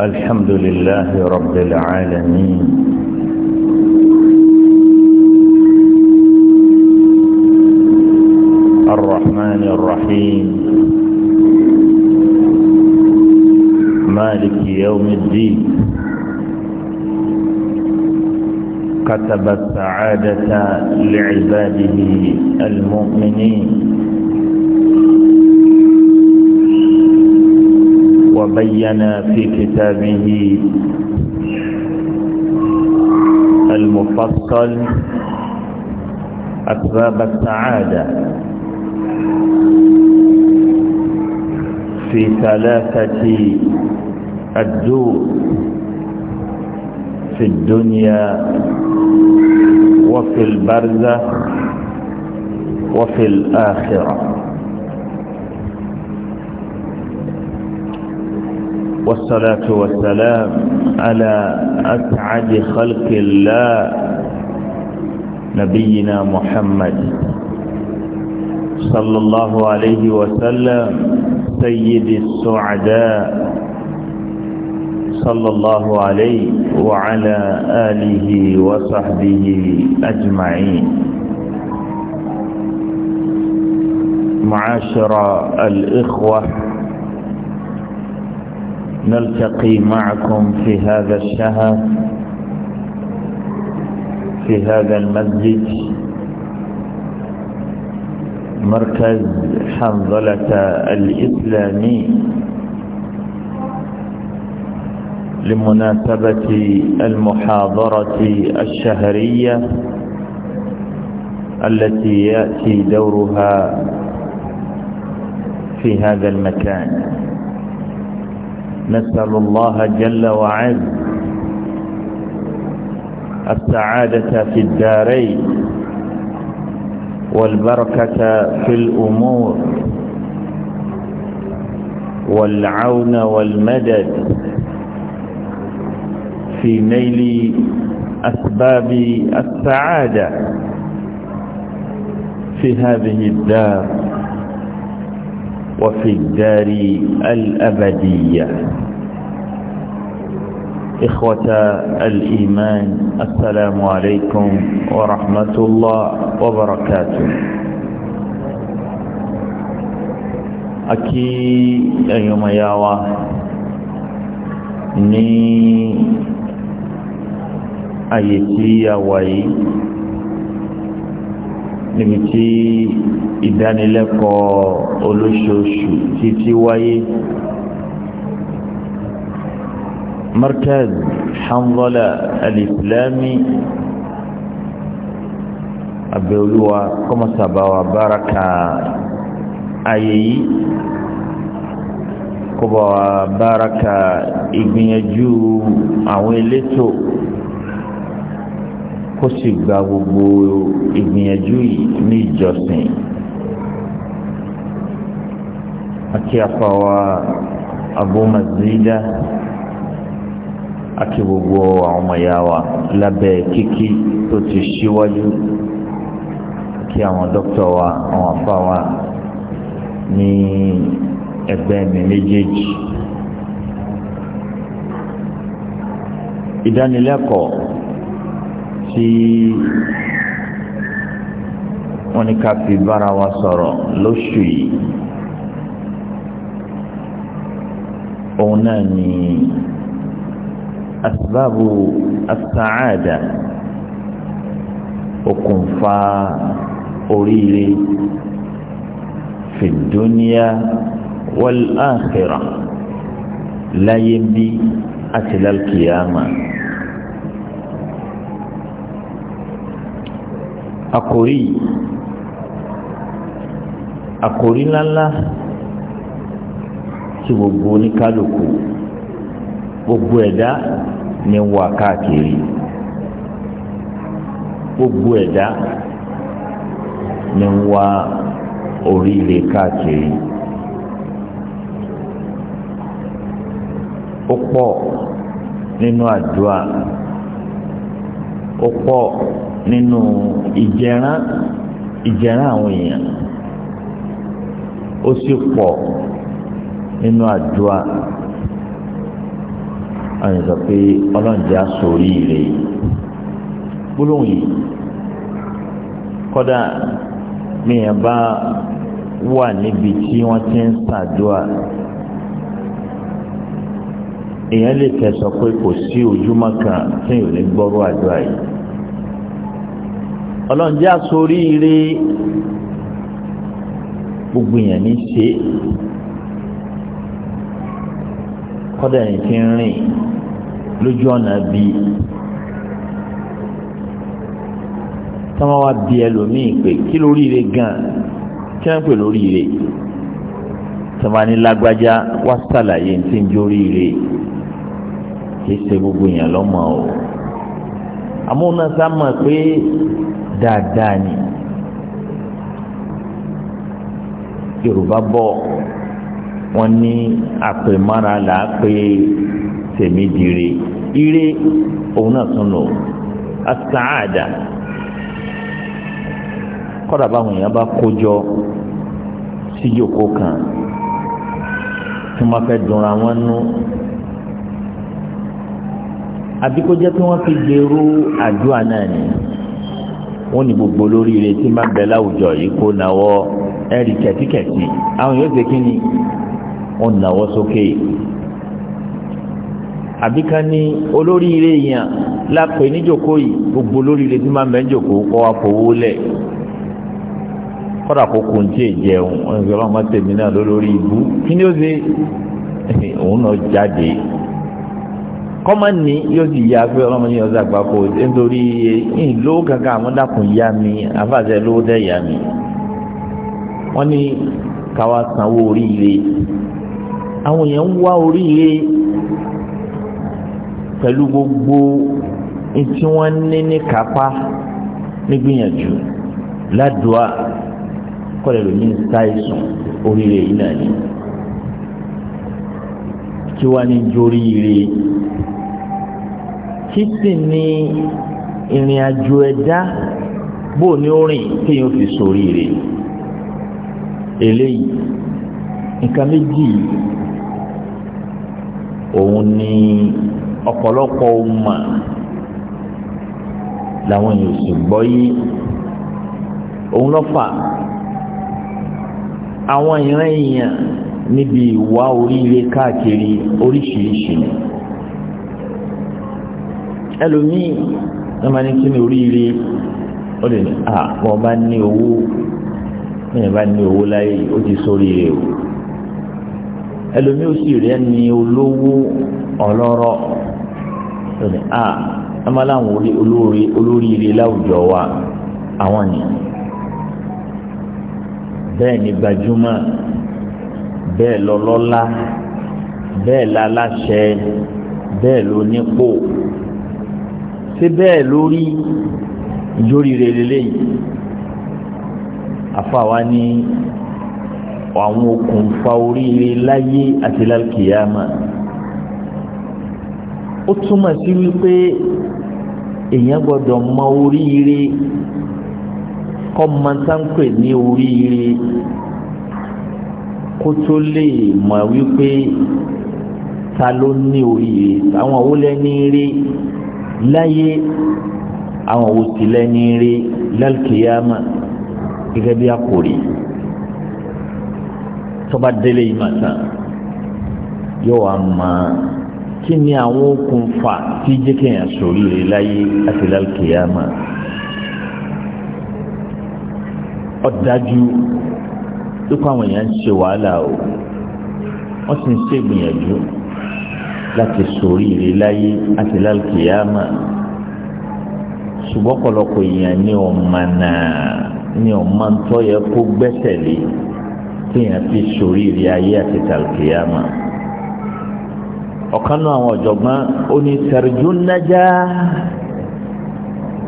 الحمد لله رب العالمين الرحمن الرحيم مالك يوم الدين كتب السعادة لعباده المؤمنين بين في كتابه المفصل أسباب السعادة في ثلاثة الدور في الدنيا وفي البرزة وفي الآخرة والصلاة والسلام على أسعد خلق الله نبينا محمد صلى الله عليه وسلم سيد السعداء صلى الله عليه وعلى آله وصحبه أجمعين معاشر الإخوة نلتقي معكم في هذا الشهر في هذا المسجد مركز حنظلة الإسلامي لمناسبة المحاضرة الشهرية التي يأتي دورها في هذا المكان نسأل الله جل وعز السعادة في الدارين والبركة في الأمور والعون والمدد في نيل أسباب السعادة في هذه الدار وفي الدار الأبدية إخوة الإيمان السلام عليكم ورحمة الله وبركاته أكي أيما ياوا ní àyè tí a wà yìí níbi tí ìdánilẹ́kọ̀ọ́ olóṣooṣù مركز حنظلة الإسلامي أبيولوا كما سبا وباركة أيي kọba wa baraka ìgbìyànjú àwọn elétò kó sì gba gbogbo ìgbìyànjú yìí ní ìjọsìn àti àfàwà Abu Mazida àti gbogbo àwọn ọmọ ìyá wa lábẹ́ kíkí tó ti ṣíwájú kí àwọn dókítà wa àwọn àfa wa ní ẹgbẹ́ mi méjèèjì. ìdánilẹ́kọ̀ọ́ tí wọ́n ní ká fi bára wa sọ̀rọ̀ lóṣù yìí òun náà ni asbabu asaada okùnfà oríire fìdúníà wal akhira láyé bí àti lálkìyàmà àkòrí àkòrí ńláńlá tí gbogbo oníkálukú gbogbo ẹ̀dá ní wà káàkiri gbogbo ẹ̀dá ní wà oríire káàkiri ó pọ̀ nínú àdúrà ó pọ̀ nínú ìjẹran ìjẹran àwọn èèyàn ó sì pọ̀ nínú àdúrà àwọn sọ pé ọlọ́njẹ́ àsòrí rẹ̀ gbólóhùn yìí kọ́dà mìíràn bá wà níbi tí wọ́n ti ń ṣàdúrà èèyàn lè kẹsọ pé kò sí ojúmọ́ kan tí yóò ní gbọ́rọ̀ àdúrà yìí ọlọ́njẹ́ àsòrí rẹ̀ gbogbo èèyàn ní ṣe kọ́dà ní ti ń rìn lójú ọ̀nà bí tọ́mọ wa bí ẹlòmíì pé kí lóríire gan kí wọ́n pè lóríire tọ́mọ ní lágbájá wá sàlàyé tí ń jóríire kìí ṣe gbogbo yẹn lọ́mọ o amúnasá mọ̀ pé dáadáa ni Yorùbá bọ̀ wọ́n ní àpèmára là á pé sẹ̀mí dire ire òun náà tún nù asaada kọ́dà báwọn èèyàn bá kójọ síjòkó kan tí wọ́n fẹ́ dunra wọn nú àbíkójẹ́ tí wọ́n fi dèrú àdúrà náà ni wọ́n ní gbogbo olóríire tí máa bẹ láwùjọ yìí kó nawọ́ ẹ̀rí kẹ̀tíkẹ̀tì àwọn yóò ṣe kí ni wọ́n nawọ́ sókè. Okay àbí kan ní olóríire èèyàn lápè níjòkó yìí gbogbo olóríire tí máa ń bẹ níjòkó kọ́ wa fowó lẹ̀ kọ́dà kó kun tí èyí jẹun ọ̀nàfẹ́ ọlọ́mọ tèmi náà lólórí ibú kí ni ó ṣe òun náà jáde kọ́mọ ní yóò sì yá pé ọlọ́mọ yóò ṣàgbà kó nítorí ìlú kankan àwọn dàkún yá mi àfàṣẹ ló dẹ̀ yá mi wọ́n ní káwa sanwó oríire àwọn èèyàn ń wá oríire pẹ̀lú gbogbo tí wọ́n ní ní kápá nígbìyànjú ládùá kọ́lẹ̀ lómi ń oríire yìí náà ni tí wàá ní jóríire kí sì ní ìrìn àjò ẹ̀dá bó ní orin téèyàn fi sóríire eléyìí nǹkan méjì òun ni ọ̀pọ̀lọpọ̀ ọmọ làwọn èèyàn sì gbọ́ yìí òun lọ́fà àwọn ìran èèyàn níbi ìwà oríire káàkiri oríṣiríṣi ni ẹlòmíì wọ́n máa ní kí ni oríire ó lè ní à wọ́n bá ní owó wọ́n bá ní owó láyé ó ti sóríire o ẹlòmíì ó sì rẹ́ ni olówó ọlọ́rọ̀ tó ní ah, a ẹmọ aláwọn olórí olóríire láwùjọ wa àwọn ni bẹ́ẹ̀ ni gbajúmọ̀ bẹ́ẹ̀ lọ́lọ́lá bẹ́ẹ̀ láláṣẹ bẹ́ẹ̀ lónípò ṣé bẹ́ẹ̀ lórí ìjóríire lélẹ́yìí àfàwa ni àwọn okùnfà oríire láyé àti lálùkìyàmà. La ó túmọ̀ sí wípé èèyàn gbọ́dọ̀ mọ oríire kọ́ mọ́tàǹpẹ̀ ní oríire kó tó lè mọ̀ wípé ta ló ní oríire àwọn wo lẹ́ni rí láyé àwọn wo sì lẹ́ni rí lálùkìyàmà gẹ́gẹ́ bí akòrí tọ́ba délé ìmọ̀ tán yóò wá máa kí ni àwọn okùnfà tí jẹ́ kéèyàn ṣoríire láyé àti lálùkìyàmà ọ̀dájú lókọ́ àwọn èèyàn ń ṣe wàhálà o wọ́n sì ń ṣe ìgbìyànjú láti ṣoríire láyé àti lálùkìyàmà ṣùgbọ́n ọ̀pọ̀lọpọ̀ èèyàn ní ọ̀ma náà ní ọ̀ma ń tọ́ yẹ kó gbẹ́sẹ̀ lé kéèyàn fi ṣoríire ayé àti lálùkìyàmà ọ̀kan náà àwọn ọ̀jọ̀gbọ́n ó ní tarjun najah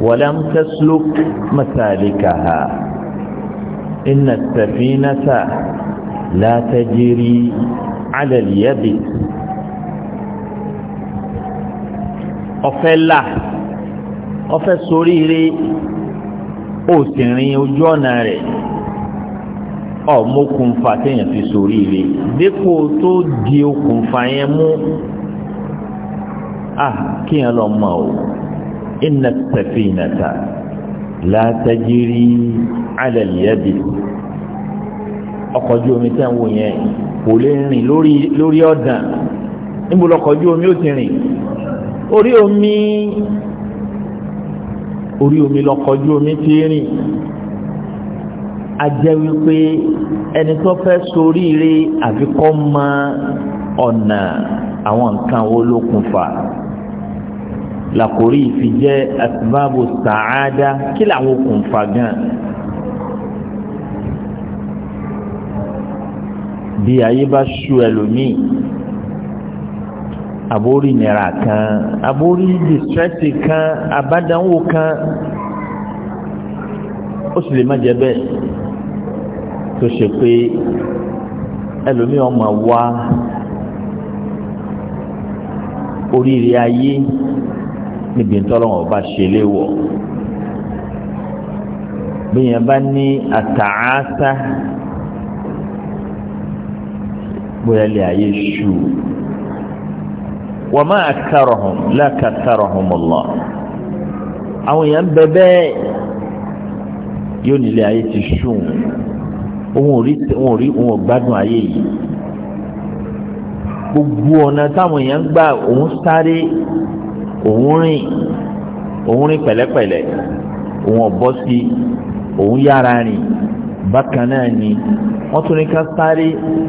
walam tasluk masalikaha inna as-safinata la tajri ala al-yabis ọ̀fẹ́ là ọ̀fẹ́ soríire òsìnrin ojú ọ̀nà rẹ̀ ọ̀mọ́kùnfà téèyàn fi soríire dípò tó di okùnfà yẹn mú. à ah, kíyàn lọ mọ̀ o inna safinata la tajri ala al-yadi ọkọ̀ omi tẹ ń wò yẹn kò lè rìn lórí ọdàn níbo lọkọ̀ ojú omi ó ti rìn orí omi orí omi lọkọ̀ ojú omi ti rìn ajẹ́ wípé ẹni tó fẹ́ ṣoríire àfikọ́ mọ ọ̀nà àwọn nǹkan wo ló kùn fà làkórí ìfi jẹ́ asbabu sàáda kí làwọn okùnfà gan. bí ayé bá ṣú ẹlòmíì àbórí nira kan àbórí distrẹ́sì kan àbádánwò kan ó sì lè má jẹ bẹ́ẹ̀ tó ṣe pé ẹlòmíì ọmọ wa oríire ayé níbi ntọ́lọ́wọ́ bá ṣe léwọ̀ bẹ́ẹ̀ bá ní àtàásá bóyá lè ayé ṣù wọ́n máa kárọ̀ hàn láàkà kárọ̀ hàn mọ́lá àwọn èèyàn yóò nílé ayé ti ṣù òun ò rí ò gbádùn ayé yìí gbogbo ọ̀nà táwọn èèyàn gbà òun sáré òun rìn òun rìn pẹ̀lẹ́pẹ̀lẹ́ òun ọ̀bọ́ sí òun yára rìn bákan náà ni wọ́n tún ní ká sáré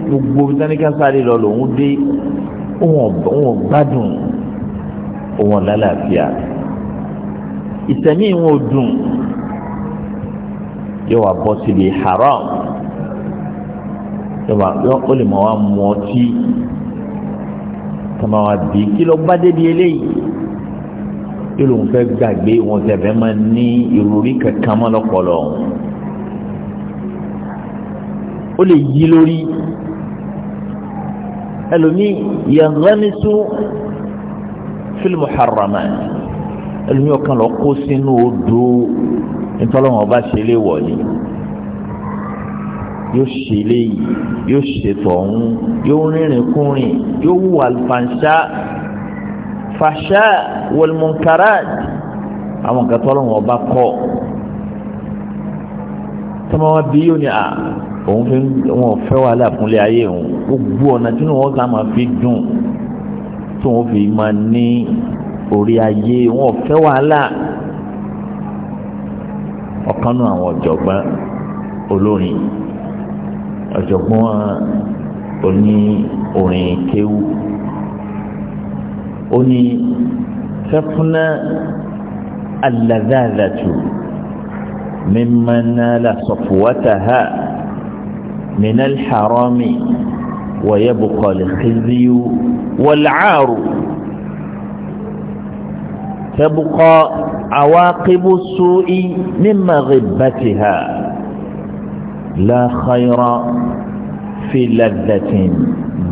gbogbo bí wọ́n ní ká sáré lọ lòun dé òun ọ̀gbádùn òun ọ̀làlàáfíà ìsẹ̀mí ìwọ̀n dùn yóò wá bọ́ síbi haram yóò wá ó lè mọ̀ wá mu ọtí tọ́mọ̀ wá bí kí ló bá débi eléyìí ìlú ń fẹ́ gbàgbé wọn tẹ̀fẹ́ máa ní ìròrí kankan mọ́ lọ́pọ̀lọ́ ó lè yí lórí ẹlòmíì yàgánnisú fílmù harama ẹlòmíì ọ̀kan lọ kó sínú odò ntọ́lọ́wọ́n ọba ṣe lé wọ̀nyí yóò ṣe léyìí yóò ṣètò ọ̀hún yóò rìnrìn kúrìn yóò wù àlùfànṣá fàṣà wọlmùnkàràt àwọn nǹkan tó lọ́wọ́ ọba kọ́ tọ́mọ wa bí yóò ní à òun fi wọn fẹ́ wà láàpúnlé ayé òun gbogbo ọ̀nà tí wọn kà máa fi dùn tó wọn fi máa ní orí ayé wọn fẹ́ wàhálà ọ̀kan nù àwọn ọ̀jọ̀gbọ́n olórin ọ̀jọ̀gbọ́n oní orin kéwú ó ní fẹ́kúnná alàdáàdàtù mímánálà sọ̀fùwátàhà mìnàl haramì wọ̀yẹ́bùkọ̀ lẹ́kẹ́zíyú wọ̀làárù tẹ́bùkọ́ عواقب السوء من غبتها لا خير في لذة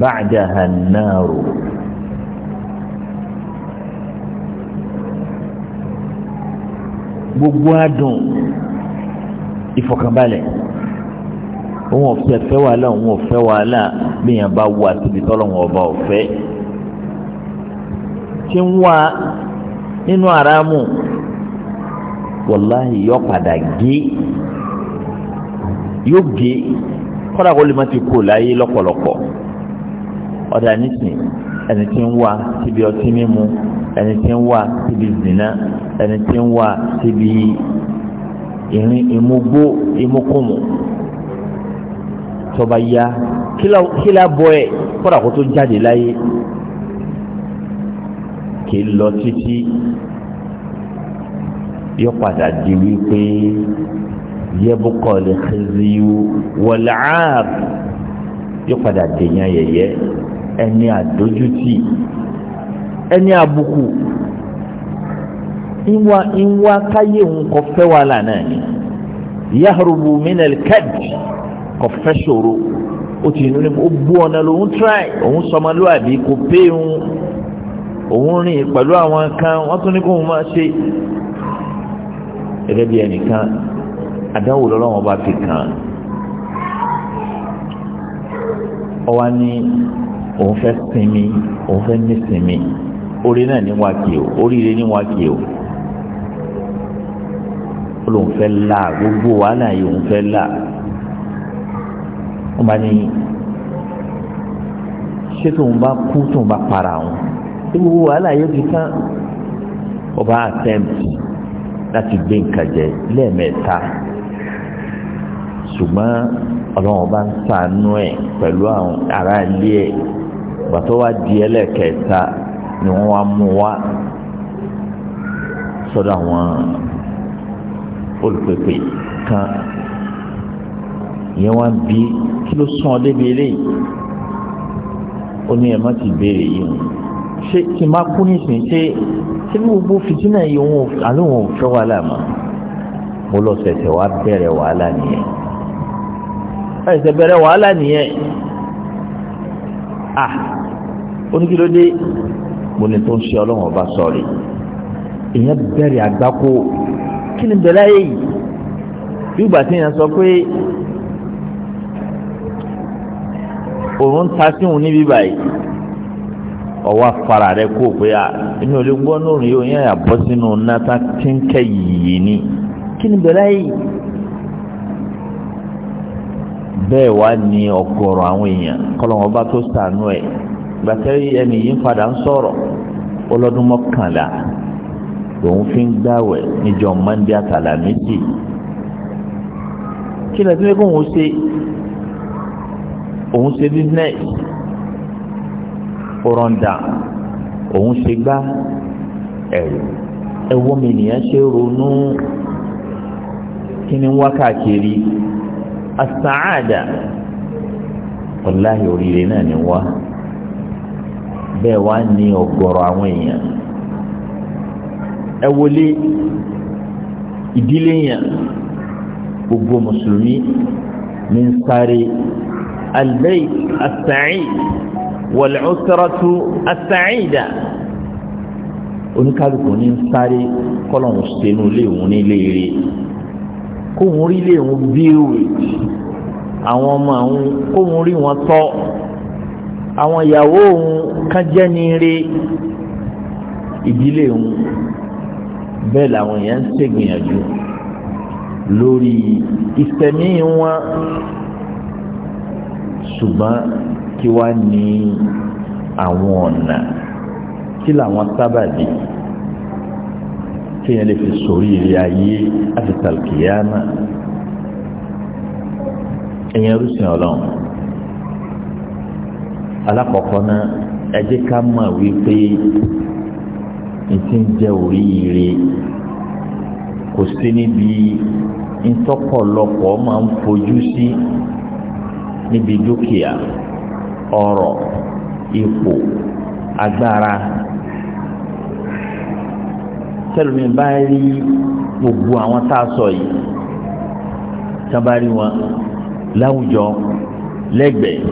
بعدها النار gbogbo adùn ìfọkànbalẹ̀ òun ọ̀fẹ́ fẹ́ wàhálà òun ọ̀fẹ́ wàhálà bíyàn bá wà síbi tọ́lọ́wọ́n ọba ọ̀fẹ́ tí ń wá nínú àràmù wàláhì yọ padà gé yóò gé kọ́dà kó lè má ti kó láyé lọ́pọ̀lọpọ̀ ọ̀dà nísìn ẹni tí ń wá síbi ọtí mímu ẹni tí ń wá síbi zina ẹni tí ń wà síbi ìrìn ìmúgbó ìmúkùmù tọba ya kílá bọ ẹ kódà kó tó jáde láyé kì í lọ títí yóò padà di wípé yẹbùkọ lè xeziyu wọlé aab padà dènyàn yẹyẹ ẹni àdójútì ẹni àbùkù ìwà ìwà káyé òun kò fẹ́ wàhálà náà ni yaharubu minel kad kò fẹ́ ṣòro ó ti nínú ó bú ọ̀nà lòun try òun sọmọlúwàbí kò pé òun òun rìn pẹ̀lú àwọn kan wọ́n tún ní kó òun máa ṣe gẹ́gẹ́ bí ẹnìkan àdánwò lọ́lọ́wọ́n bá fi kàn án ọwa ní òun fẹ́ sinmi òun fẹ́ ní sinmi orí náà ní wákìí o oríire ní wákìí o ó fẹ́ là gbogbo wàhálà yìí òun fẹ́ là wọ́n bá ní ṣé tóun bá kú tóun bá para òun tí gbogbo wàhálà yìí ó ti tán ọba attempt láti gbé nǹkan jẹ lẹ́ẹ̀mẹ́ta ṣùgbọ́n ọlọ́run bá ń sànú ẹ̀ pẹ̀lú àwọn ará ilé ẹ̀ gbàtọ́ wá di ẹlẹ́kẹta ni wọ́n wá mú wá sọ́dọ̀ àwọn olùpèpè kan ìyẹn wá ń bí kí ló sún ọ débi eléyìí ó ní ẹ má ti béèrè yìí o ṣé kí n má kú nísìnyí ṣé ṣé ní gbogbo fìtínà yìí òun àlóhùn ò fẹ́ wàhálà mọ́ mo lọ sẹ̀sẹ̀ wá bẹ̀rẹ̀ wàhálà nìyẹn ẹsẹ̀ bẹ̀rẹ̀ wàhálà nìyẹn à ah! oníkìlódé mo ní tó ń ṣe ọlọ́run ọba sọ̀rọ̀ ìyẹn bẹ̀rẹ̀ àgbákò. kí ni bẹ̀rẹ̀ ayé yìí bí ìgbà tí sọ pé òun ń ta sí òun níbí báyìí ọwọ́ afárá rẹ kó pé a inú olè gbọ́ náà rí oyin àyà bọ́ sínú náta kínkẹ́ yìí ni kí ni bẹ̀rẹ̀ ayé yìí bẹ́ẹ̀ wá ní ọ̀gọ̀rọ̀ àwọn èèyàn bá tó sànú ẹ̀ ẹni yìí ń padà ń lòun fi ń gbàwẹ̀ níjọ́ mọ́ndé àtàlàmísì kí lè fi kó òun ṣe òun ṣe business ọ̀rọ̀ǹda òun ṣe gbá ẹ̀rù ẹ̀wọ́ mi nìyẹn ṣe ronú kí ni wákàkiri asaada wàláhì oríire náà ni wá bẹ́ẹ̀ wá ní ọ̀gọ̀rọ̀ àwọn èèyàn ẹ wọlé ìdílé yẹn gbogbo mùsùlùmí ní ń sáré albayt as-sa'id wal usratu as-sa'ida oníkálukú ní ń sáré kọ́lọ̀hún sínú léèwọ̀n nílé rẹ̀ kóhun rí léèwọ̀n bíwèé àwọn ọmọ àwọn kóhun rí wọn tọ́ àwọn ìyàwó òun kájẹ́ ní rẹ̀ ìdílé òun bẹ́ẹ̀ làwọn èèyàn ń ṣègbìyànjú lórí ìsẹ̀mí wọn ṣùgbọ́n kí wá ní àwọn ọ̀nà kí làwọn sábàbí kéèyàn lè fi sórí ilé ayé àti tàlùkìyàmà èèyàn rúṣin ọlọ́run alákọ̀ọ́kọ́ náà ẹ jẹ́ ká mọ̀ wípé ìtì ń jẹ oríire kò sí níbi ntọ́pọ̀lọpọ̀ máa ń fojú sí níbi dúkìá ọrọ̀ ipò agbára tẹlumi bá rí gbogbo àwọn tá a sọ yìí tábàárí wọn láwùjọ lẹ́gbẹ̀ẹ́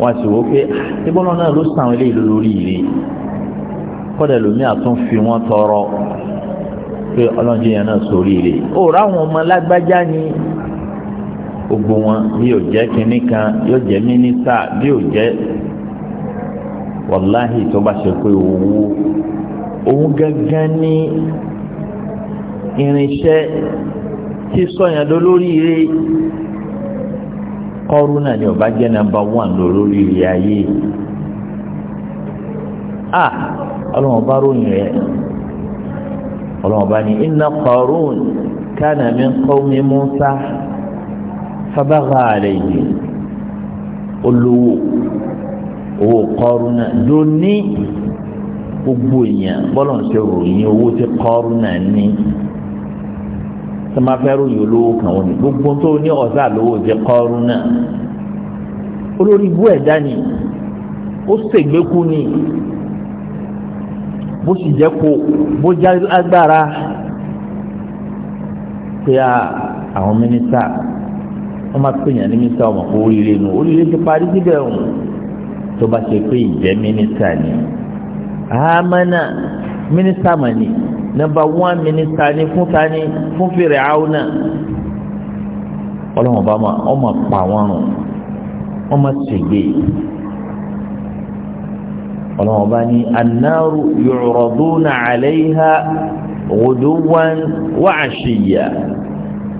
wọn sì wọ pé ìbọn ah, náà ló sàn àwọn eléyìí lórí rèé kọ́dà lómi àtún fi wọ́n tọrọ pé ọlọ́njẹ yẹn náà sórí rè ó ráwọn ọmọ lágbájá ni gbogbo wọn bí yóò jẹ́ kínní kan yóò jẹ́ mínísítà bí yóò jẹ́ wàláhì tó bá ṣe pé owó òun gángan ní irinṣẹ́ tí sọ̀yàn lọ lórí rè kọ́rú náà ni ọba jẹ́ nàmbà wàn lórí rè ayé ah ọlọ́wọ́n bá ròyìn rẹ̀ ọlọ́wọ́n bá ní inna Qarun kana min qawmi Musa fabagha alayhi olówó owó Qarun náà lóní gbogbo èèyàn bọ́lọ̀ ń ṣe ròyìn owó tí Qarun náà ní sọmafẹ́rù yìí olówó kan wọn ni gbogbo tó ní ọ̀sà lówó ti Qarun náà olórí ibú ẹ̀dá ni ó ṣègbè ni bó sì jẹ́ kó bó já agbára pé àwọn mínísítà wọ́n máa pè yàn ní mínísítà ọmọ kó oríire nù oríire ti parí síbẹ̀ ọ̀hún tó bá ṣe pé ìjẹ́ mínísítà ni àmàna mínísítà mà ní nọ́mbà wán mínísítà ni fún ta ni fún fèrè àwọn náà ọmọ pa wọ́n rùn ọmọ ṣègbè ọlọ́wọ́n bá ní anáru yu'raduna 'alayha ghuduwan wa 'ashiyya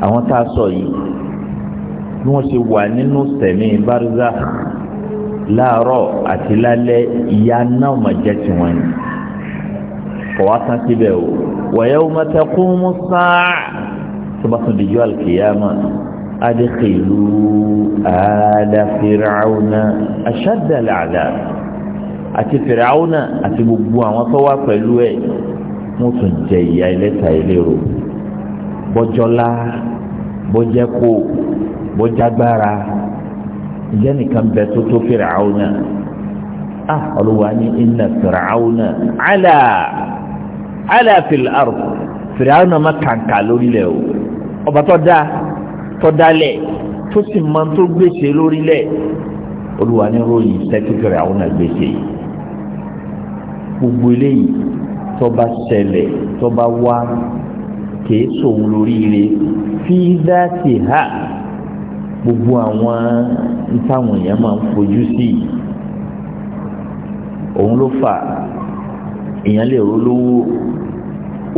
àwọn tá a sọ yìí bí wọ́n ṣe wà nínú sẹ̀mí barzakh láàárọ̀ àti lálẹ́ ìyà náà mà jẹ́ tiwọn ni kọ̀wá tán síbẹ̀ o wa yawma taqumu as-sa'a tó bá tún dìjọ́ al-qiyama adkhilu ala fir'auna ashadda àti fìràwọ́nà àti gbogbo àwọn tó wá pẹ̀lú ẹ̀ wọ́n tún jẹ ìyà ẹlẹ́ta ìlérò bọ́jọ́lá bọ́jẹ́kó bọ́jágbára ìjẹ́ nìkan bẹ tó tó fìràwọ́nà ah olùwà ní iná fìràwọ́nà àlà àlà fìlárò fìràwọ́nà má kàǹkà lórílẹ̀ o ọba tó dá tó dálẹ̀ tó sì máa tó gbèsè lórílẹ̀ olùwà ní ròyìn sẹ́kítọ̀rì àwọn àgbèsè yìí gbogbo eléyìí tọba ṣẹlẹ̀ tọba wá kìí sòun lóríire fi dáàtì ha gbogbo àwọn táwọn èèyàn máa ń fojú sí òun ló fà èèyàn lè rólówó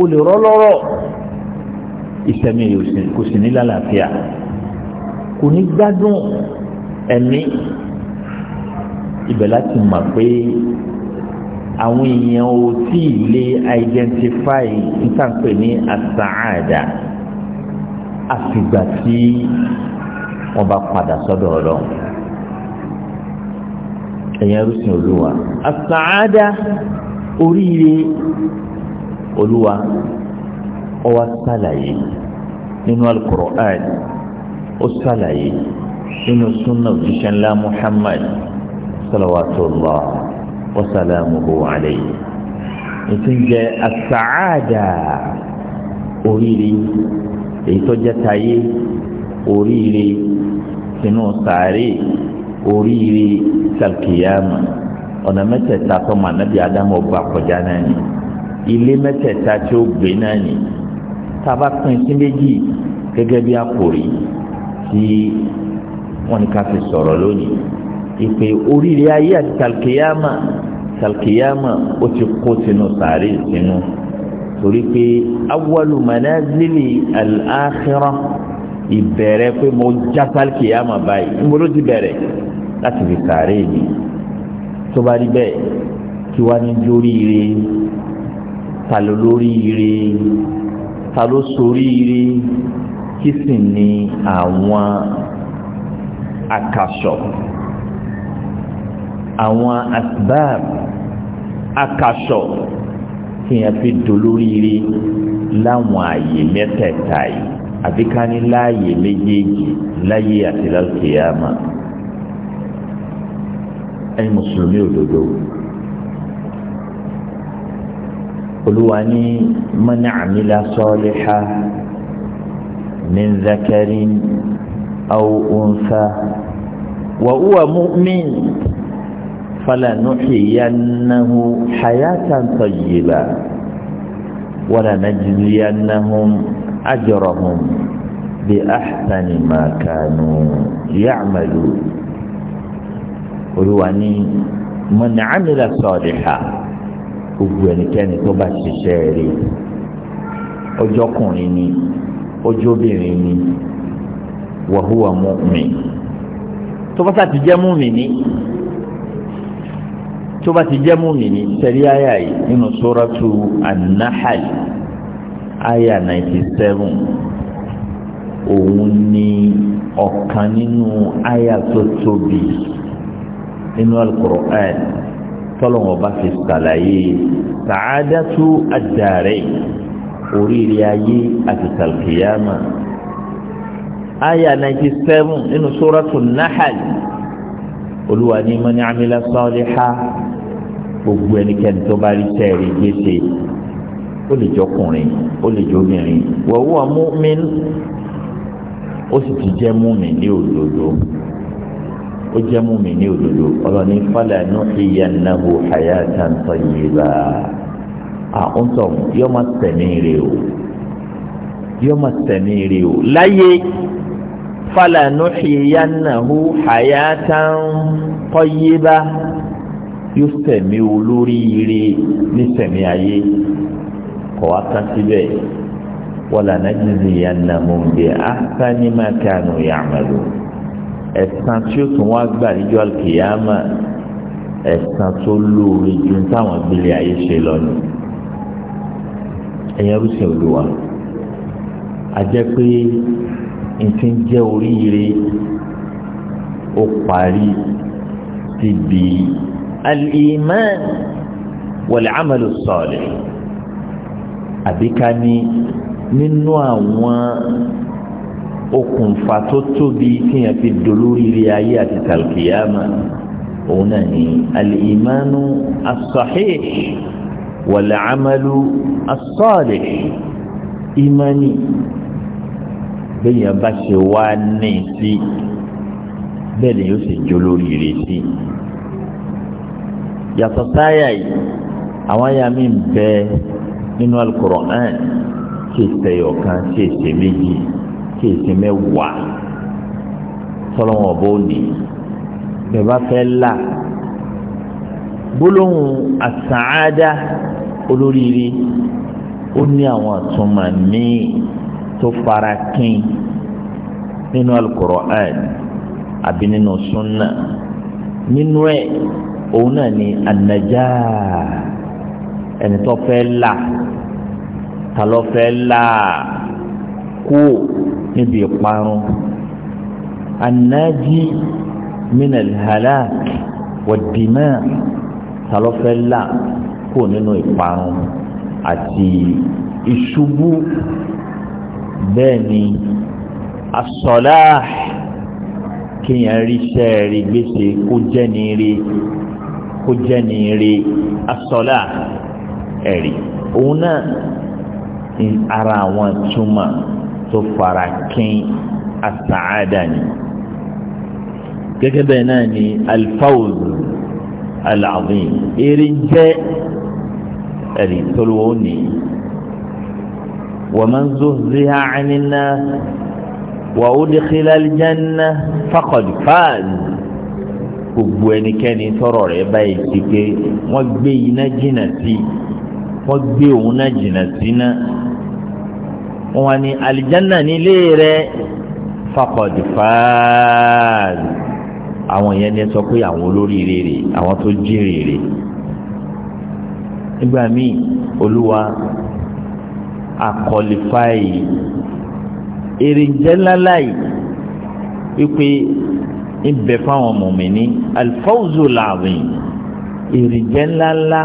ó lè rọ́lọ́rọ̀ ìsẹ̀mí kò sì ní lálàáfíà kò ní gbádùn ẹ̀mí ibẹ̀ láti mọ̀ pé àwọn èèyàn ò tí ì lè identify nítàpé ní àsàáda àfìgbà tí wọ́n bá padà sọ́dọ̀ ọlọ́run ẹ̀yìn arúsìn olúwa àsàáda oríire olúwa ọwọ́ sálàyé nínú al-Qur'an ó sálàyé nínú súnà òjíṣẹ́ ńlá Muhammad salawatullah wasalamuhu alayhi ìtúnjẹ asaada oríire èyí tó jẹ tayé oríire tinú sàárè oríire salkiyama ọ̀nà mẹ́tẹ̀ẹ̀ta tó mọ anabi adamu ọba kọjá náà ni ilé mẹ́tẹ̀ẹ̀ta tí ó gbé náà ni tába pín sí méjì gẹ́gẹ́ bí àkòrí tí wọ́n ní ká fi sọ̀rọ̀ lónìí ìpè oríire ayé àti kàlkìyàmà kàlkìyàmà ó ti kó sínú sàárè sínú torí pé awwalu manazili al-akhirah ìbẹ̀rẹ̀ pé mo já kàlkìyàmà báyìí níbo ló ti bẹ̀rẹ̀ láti fi sàárè mi tó bá rí bẹ́ẹ̀ kí wá ní jóríire ta lóríire ta soríire kí sì ni àwọn akaṣọ àwọn asbab akaṣọ tí yẹn fi dolóríire láwọn ààyè mẹ́tẹ̀ẹ̀ta yìí àbí ká ní láàyè méjèèjì láyé àti lálùkìyàmà ẹni mùsùlùmí òdodo olúwa ní mọ́nà àmìlá sọ́ọ́lẹ́hà min zakarin aw unsa wa huwa mu'min. فلنحيينه حياة طيبة ولنجزينهم أجرهم بأحسن ما كانوا يعملون olùwàní من عمل صالحا gbogbo ẹnikẹ́ni tó bá ṣiṣẹ́ rí ọjọ́kùnrin ni ọjọ́bìnrin ni wa huwa mu'min tó bá sàtìjẹ́ mùmí ni tó bá ti jẹ́ mùmíní tẹ̀lé àyà yìí nínú sóràtú an àyà 97 òun ni ọ̀kan nínú àyà tó tóbi nínú al-Qur'an tọ́lọ́wọ́ bá fi sàlàyé sàádátú ad oríire ayé àti tàlùkìyàmà àyà 97 nínú sóràtú an-Nahl olúwa ní man 'amila salihan gbogbo ẹnikẹ́ni tó bá rí sẹ́ẹ̀rì gbèsè ó lè jọkùnrin ó lè jọbìnrin wọ̀wọ́ mọ́mìn ó sì ti jẹ́ mọ́mìn ní òdodo ó jẹ́ mọ́mìn ní òdodo ọlọ́ni fọlá inú ìyá nàbó àyà tàǹtọ̀ yìí bá a ń tọ̀ yọ́ máa tẹ̀mí rè o yọ́ máa tẹ̀mí rè o láyé fọlá inú ìyá nàbó àyà tàǹtọ̀ yìí bá yóò sẹ̀mí olóríire ní sẹ̀mí ayé kọ̀ wá tán síbẹ̀ wala najziyannahum bi ahsani ma kanu ya'malun ẹ̀san tí ó tún wá gbà níjọ́ àlùkìyàmà ẹ̀san tó lóore ju táwọn gbélé ayé ṣe lọ ni ẹ̀yẹ́ rúṣin olùwà a pé nǹkan jẹ́ oríire ó parí síbi al-iman wal-amalu salih àbí ká ní nínú àwọn okùnfà tó tóbi tí yẹn fi dolóríire ayé àti tàlùkìyàmà òun náà ní al-imanu as-sahih wal-amalu as-salih imani bẹ́yẹn bá ṣe wá ní sí bẹ́ẹ̀ ni yóò ṣe jolóríire sí. Si yàtọ̀ sáyà yìí àwọn àyà mi ń bẹ nínú Al-Qur'an kí èsè ọ̀kan kí èsè méjì kí èsè mẹ́wàá tọ́lọ́wọ́n bó ní bẹ́ẹ̀ bá fẹ́ là gbólóhùn àsàádá olóríire ó ní àwọn àtúmọ̀ míì tó fara kín nínú Al-Qur'an àbí nínú súnà nínú ẹ̀ òun náà ni ànàjà ẹni tó fẹ́ là ta ló fẹ́ là kú níbi ìparun ànájí mina halak wàdìmá ta ló fẹ́ là kú nínú ìparun àti ìṣubú bẹ́ẹ̀ ni asọ́lá kéèyàn rí sẹ́ẹ̀rí gbèsè kó jẹ́ ní kó jẹ́ ní rí asọ́lá ẹ̀rí òun náà ní ara àwọn túmọ̀ tó fara kín asàádà ni gẹ́gẹ́ bẹ́ẹ̀ náà ni alfawz alazim eré jẹ́ ẹ̀rí tó lówó nìyí. ومن زهزها عن الناس وأدخل الجنة فقد فاز gbogbo ẹnikẹ́ni tọ́rọ̀ rẹ̀ báyìí ti pé wọ́n gbé iná jìnnà sí i wọ́n gbé òun náà jìnnà sí iná wọ́n wá ní alijanna nílé rẹ̀ fakọ̀dì fáàlì àwọn yẹn ní sọ pé àwọn olórí rere àwọn tó jèrè rè nígbà míì olúwa akọlifáì èrè ń ńlá láì wípé ibẹ̀ fáwọn mọ̀mìnì alfawzu làwìn ìrìjẹ́ ńláńlá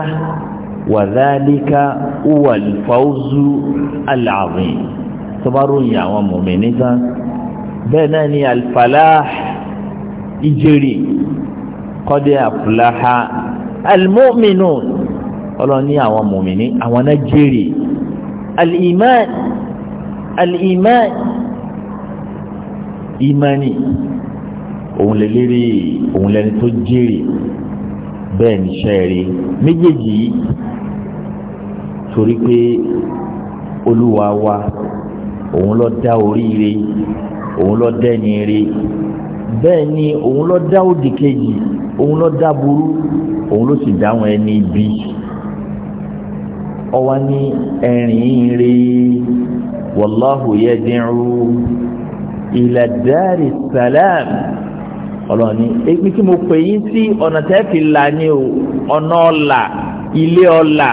wàdálíkà wà alfawzu làwìn tọ́bárùn-ún yà àwọn mọ̀mìnì tán bẹ́ẹ̀ náà ni alfalah ìjèrè kọ́dé àfúláhà almọ́mìnù ọlọ́ni àwọn mọ̀mìnì àwọn náà jèrè alìmán alìmán ìmánì òun lè lérí òun lẹni tó jèrè bẹ́ẹ̀ ni iṣẹ́ rí méjèèjì yìí torí pé olúwa wa òun ló dá oríire òun ló dẹ́ni rí bẹ́ẹ̀ ni òun ló dá òdì kejì òun ló dá burú òun ló sì dáhùn ẹni bí ọwọ́ ní ẹ̀rín rí wàláhù yẹ́dínrú ila dari salam ọlọ́run ní ebi tí mo pè yín sí ọ̀nà tẹ́ fi là ní o ọ̀nà ọ̀la ilé ọ̀la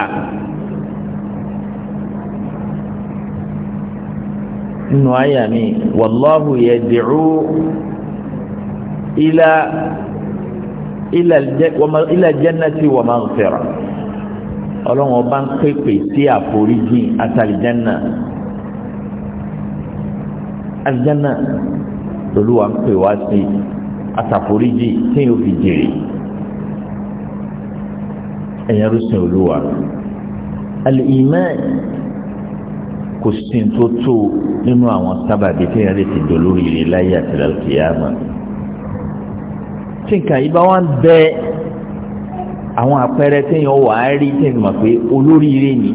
nínú àyà mi wàlláhu yad'u ila ila jannati wa maghfira ọlọ́run ọba ń pèpè sí àforíjì àtàlìjánà àlìjánà lolúwa ń pè wá sí i àtàforíjì tí yóò fi jèrè ẹ̀yàn rúṣin olúwa al-iman kò sí tó tó nínú àwọn sábàbí tí yẹn lè ti dolórí ilé láyé àti lálùkìyàmà tí nǹkan yìí bá wá ń bẹ àwọn àpẹẹrẹ tí yẹn wà á rí tí yẹn mọ̀ pé olórí ilé ni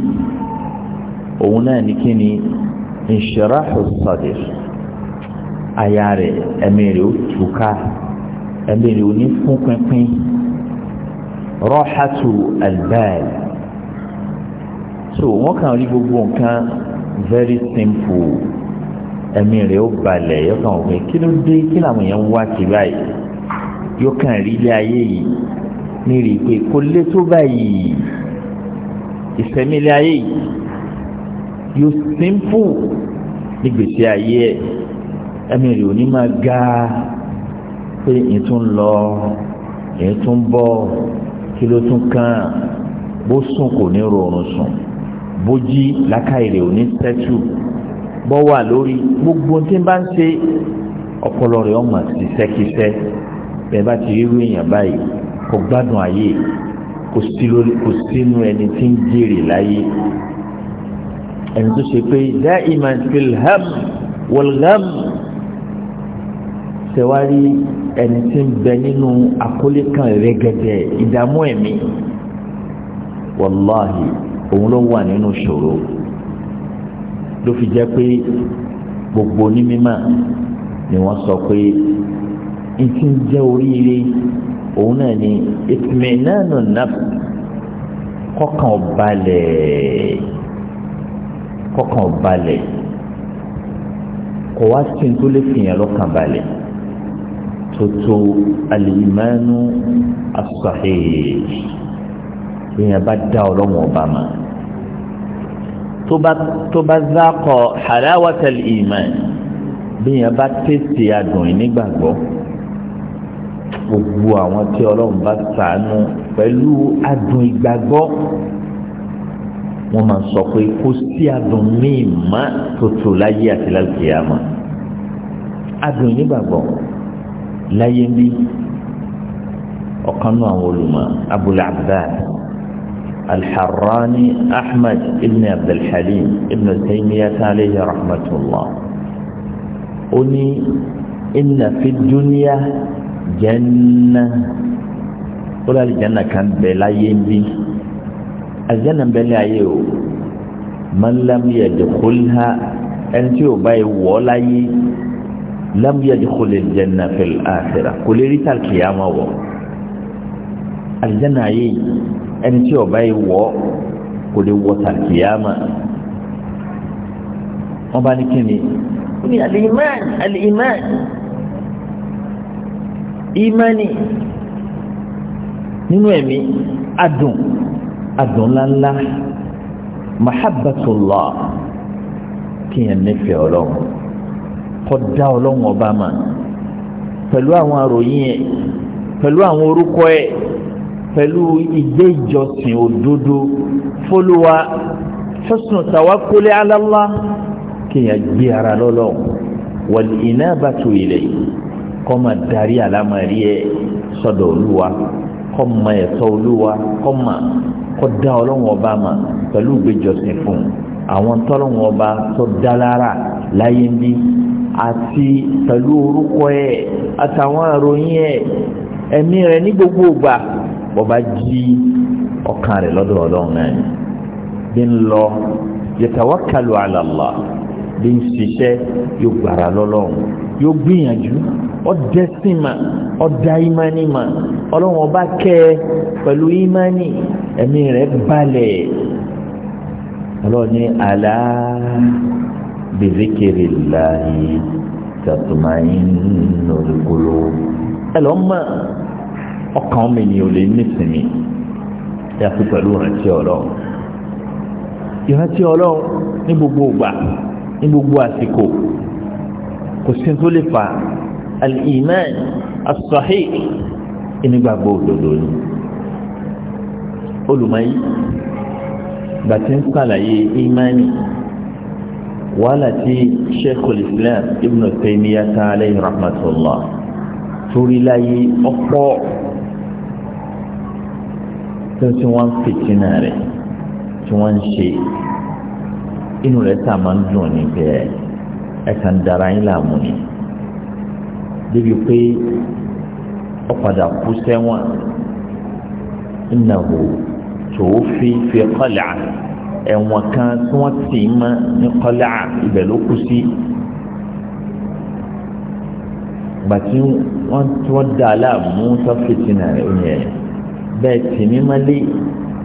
òun náà ní kí ni inshirahu sadr ẹ̀mí rẹ̀ ò ní fún pínpín rọ́hátù albal so wọ́n kàn rí gbogbo nǹkan very simple ẹ̀mí rẹ̀ ó balẹ̀ yóò kàn wọ́n pé kí ló dé kí làwọn èèyàn ń wá sí báyìí yóò kàn rí ilé ayé yìí ní rí i pé kò lé tó báyìí ìsẹ̀mí ilé ayé yìí yóò simple nígbèsè ayé ẹ̀ ẹ̀mí rẹ̀ ò máa ga pé ìtún lọ ìtún bọ̀ kí ló tún kàn bó sùn kò ní rọrùn sùn bó jí lákàìrè ò ní sẹ́tù bọ́ wà lórí gbogbo tí n bá ń ṣe ọpọlọ rẹ̀ ọmọ ṣiṣẹ́kíṣẹ́ bẹ́ẹ̀ bá ti rírú èèyàn báyìí kò gbádùn ayé kò sínú ẹni tí ń jèrè láyé ẹni tó ṣe pé dá ìfìlhàm wọ̀lhàm tẹ̀wárí ẹni tí ń bẹ nínú àkólé kan rẹ́gẹ́dẹ́ ìdààmú ẹ̀mí wàláhì òun ló wà nínú ṣòro ló fi jẹ́ pé gbogbo onímọ̀ ni wọ́n sọ pé n ti ń jẹ́ oríire òun náà ni ìtìmẹ̀nánù náà kọ́kàn balẹ̀ kọ́kàn balẹ̀ kò wá sí ní tó lè fìyàn lọ́kàn balẹ̀ tó tó alìmánú asọ̀hẹ́ èèyàn bá dá ọlọ́run ọba mà tó bá zákọ̀ halawatal iman bíyàn bá tètè adùn ìnígbàgbọ́ gbogbo àwọn tí ọlọ́run bá ṣàánú pẹ̀lú adùn ìgbàgbọ́ wọ́n máa sọ pé kò sí adùn míì má láyé àti lálùkìyàmà adùn ìnígbàgbọ́ láyé bí ọ̀kan náà àwọn olùmọ̀ abul abbas alḥarani ahmed ibn abdulhalim ibn taymiyah alayhi rahmatulah ó ní inna fi duniya janna ó lálẹ́ janna kan bẹ̀ láyé bí aljanna bẹ̀ láyé o man lam ẹni tí ó bá wọ́ láyé lam yadkhulil janna fil akhirah kò lè rí tàlkìyàmà wọ̀ àlìjánà yìí ẹni tí ọba yìí wọ̀ kò lè wọ̀ tàlkìyàmà wọ́n bá ní kíni. ó ní al nínú ẹ̀mí adùn adùn ńláńlá mahabbatullah kíyàn nífẹ̀ẹ́ ọlọ́run kọjá ọlọ́run ọba mà pẹ̀lú àwọn àròyìn ẹ̀ pẹ̀lú àwọn orúkọ ẹ̀ pẹ̀lú ìgbé ìjọsìn òdodo fọlùwà fẹsùn tawakkul ala Allah kéèyàn gbé ara lọ́lọ́ wal inabatu ilay kó máa darí àlámọ̀rí ẹ̀ sọ́dọ̀ olúwa kó mọ ẹ̀tọ́ olúwa kó mà kó ọba mà pẹ̀lú ìgbé ìjọsìn fún àwọn tọ́lọ́run ọba tó dá lára láyé ń bí àti pẹ̀lú orúkọ ẹ̀ àtàwọn àròyìn ẹ̀ ẹ̀mí rẹ̀ ní gbogbo ìgbà bọ́ba jí ọkàn rẹ̀ lọ́dọ̀ ọlọ́run náà ni bí ń lọ yatawakkalu ala Allah bí ń ṣiṣẹ́ yóò gbàrà lọ́lọ́run yóò gbìyànjú ọdẹ́sìmà ọdá ìmánì mà ọlọ́run ọba kẹ́ ẹ pẹ̀lú ìmánì ẹ̀mí rẹ̀ balẹ̀ ọlọ́run ní àlàá. بذكر الله تطمئن القلوب ẹlọmọ ọkàn mi ni ò lè nísìmí yàtọ̀ pẹ̀lú ìrántí Ọlọ́run ìrántí Ọlọ́run ní gbogbo ìgbà ní gbogbo àsìkò kò sí tó lè fa al-iman as-sahih òdodo ni olùmọ̀ yìí bàtí ń sàlàyé ìmánì wàhálà tí sheikhul islam ibn taymiya ta'alayhi rahmatullah torí láyé ọ̀pọ̀ tó tí wọ́n ń fìtínà rẹ̀ tí wọ́n ń ṣe inú rẹ̀ tá a máa ń dùn ní bẹ́ẹ̀ ẹ̀ka ń dara yín láàmú ni débi pé ọ̀padà kú sẹ́wọ̀n innahu tuwfi fi qal'a ẹ̀wọ̀n kan tí wọ́n tì í mọ́ ní kọ́lá ibẹ̀ ló kú sí ìgbà tí wọ́n tí wọ́n dá a láàmú sọ́fìtì náà yẹn bẹ́ẹ̀ tì mí má lé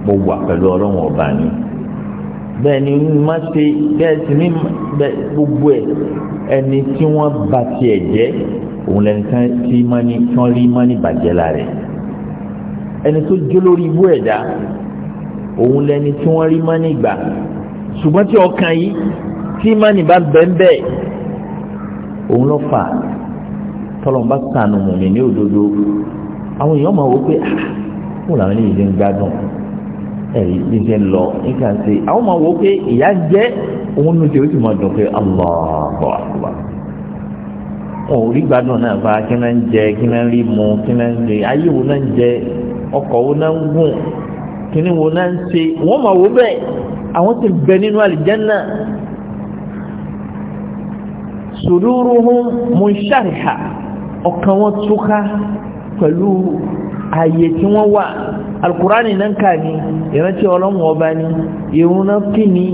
mo wà ọlọ́run ọba ni bẹ́ẹ̀ ni má ṣe bẹ́ẹ̀ tì mí gbogbo ẹ̀ ẹni tí wọ́n bá tiẹ̀ jẹ́ òun lẹni tí tí wọ́n rí má ní bàjẹ́ la rẹ̀ ẹni tó jó lórí ibú ẹ̀dá òun lẹni tí wọ́n rí mọ́nì gbà ṣùgbọ́n tí ọkàn yìí tí mọ́nì bá bẹ́ẹ̀ òun lọ fà tọ́lọ́mbà sànù mọ̀mí ní òdodo àwọn èèyàn máa wò pé kó ah, làwọn ní ìdí ń gbádùn ẹ̀rí bí ṣe ń lọ nǹkan ṣe àwọn máa wò pé ìyá jẹ́ òun ní ti o sì máa dùn pé Allahu Akbar wọn ò rí gbádùn náà fa kí náà ń jẹ kí náà ń rí mu kí náà ń ṣe ayé wo náà ń jẹ ọkọ̀ wo náà ń gùn kíní wọn náà ń ṣe wọ́n máa wò bẹ́ẹ̀ àwọn tí bẹ nínú àlìjánná suduruhum munshariha ọkàn wọn túká pẹ̀lú ààyè tí wọ́n wà alukurani náà kà ní ìrántí ọlọ́run ọba ní irun náà kí ni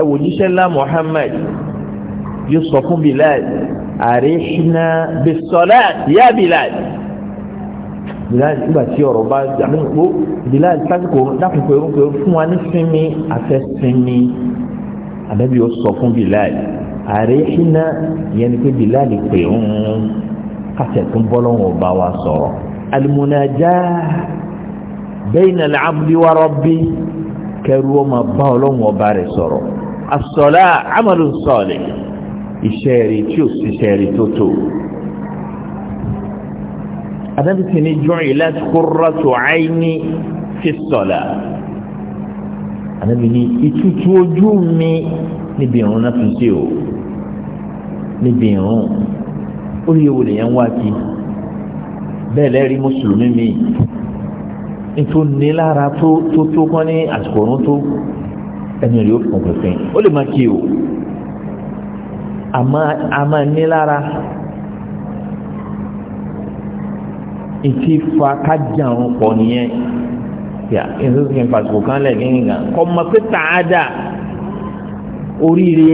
ẹ̀wò jíṣẹ́ lá Muhammad yóò sọ fún Bilal àríṣínà bisolat yá Bilal bilal nígbà tí ọ̀rọ̀ bá àmì ìpò bilal sásìkò dákùnkò orúkọ fún wa ní sinmi afẹ́ sinmi ànábì ó sọ fún bilal ààrẹ ṣínà yẹn ni pé bilal pè ń kàtẹ́ tó ń bọ́ lọ́wọ́ bá wa sọ̀rọ̀ alimunaja bẹ́ẹ̀nà làbúdí kẹrù ó bá ọlọ́wọ́ bá rẹ̀ sọ̀rọ̀ asọ̀lá amadu sọ̀lẹ̀ iṣẹ́ rẹ̀ tí ó sì ṣẹ́ tó tó adájú ti ní ju'ilat qurratu aini fi salat ànábi ní ìtútù ojú mi níbi ìrún náà tún sí o níbi ìrún ó yẹ wo lèyàn wá kí bẹ́ẹ̀ lẹ́rìí mùsùlùmí mi nítorí nílára tó tó tó kán ní àsìkò ọ̀run tó ẹni rí òfin pínpín ó lè má o àmọ́ àmọ́ nílára. ìtì fa kájà ń pọ̀ nìyẹn yà ìsúsù kí n fàṣùkò kan lẹ̀ kí n gàn kọ́ mọ pé tààdà oríire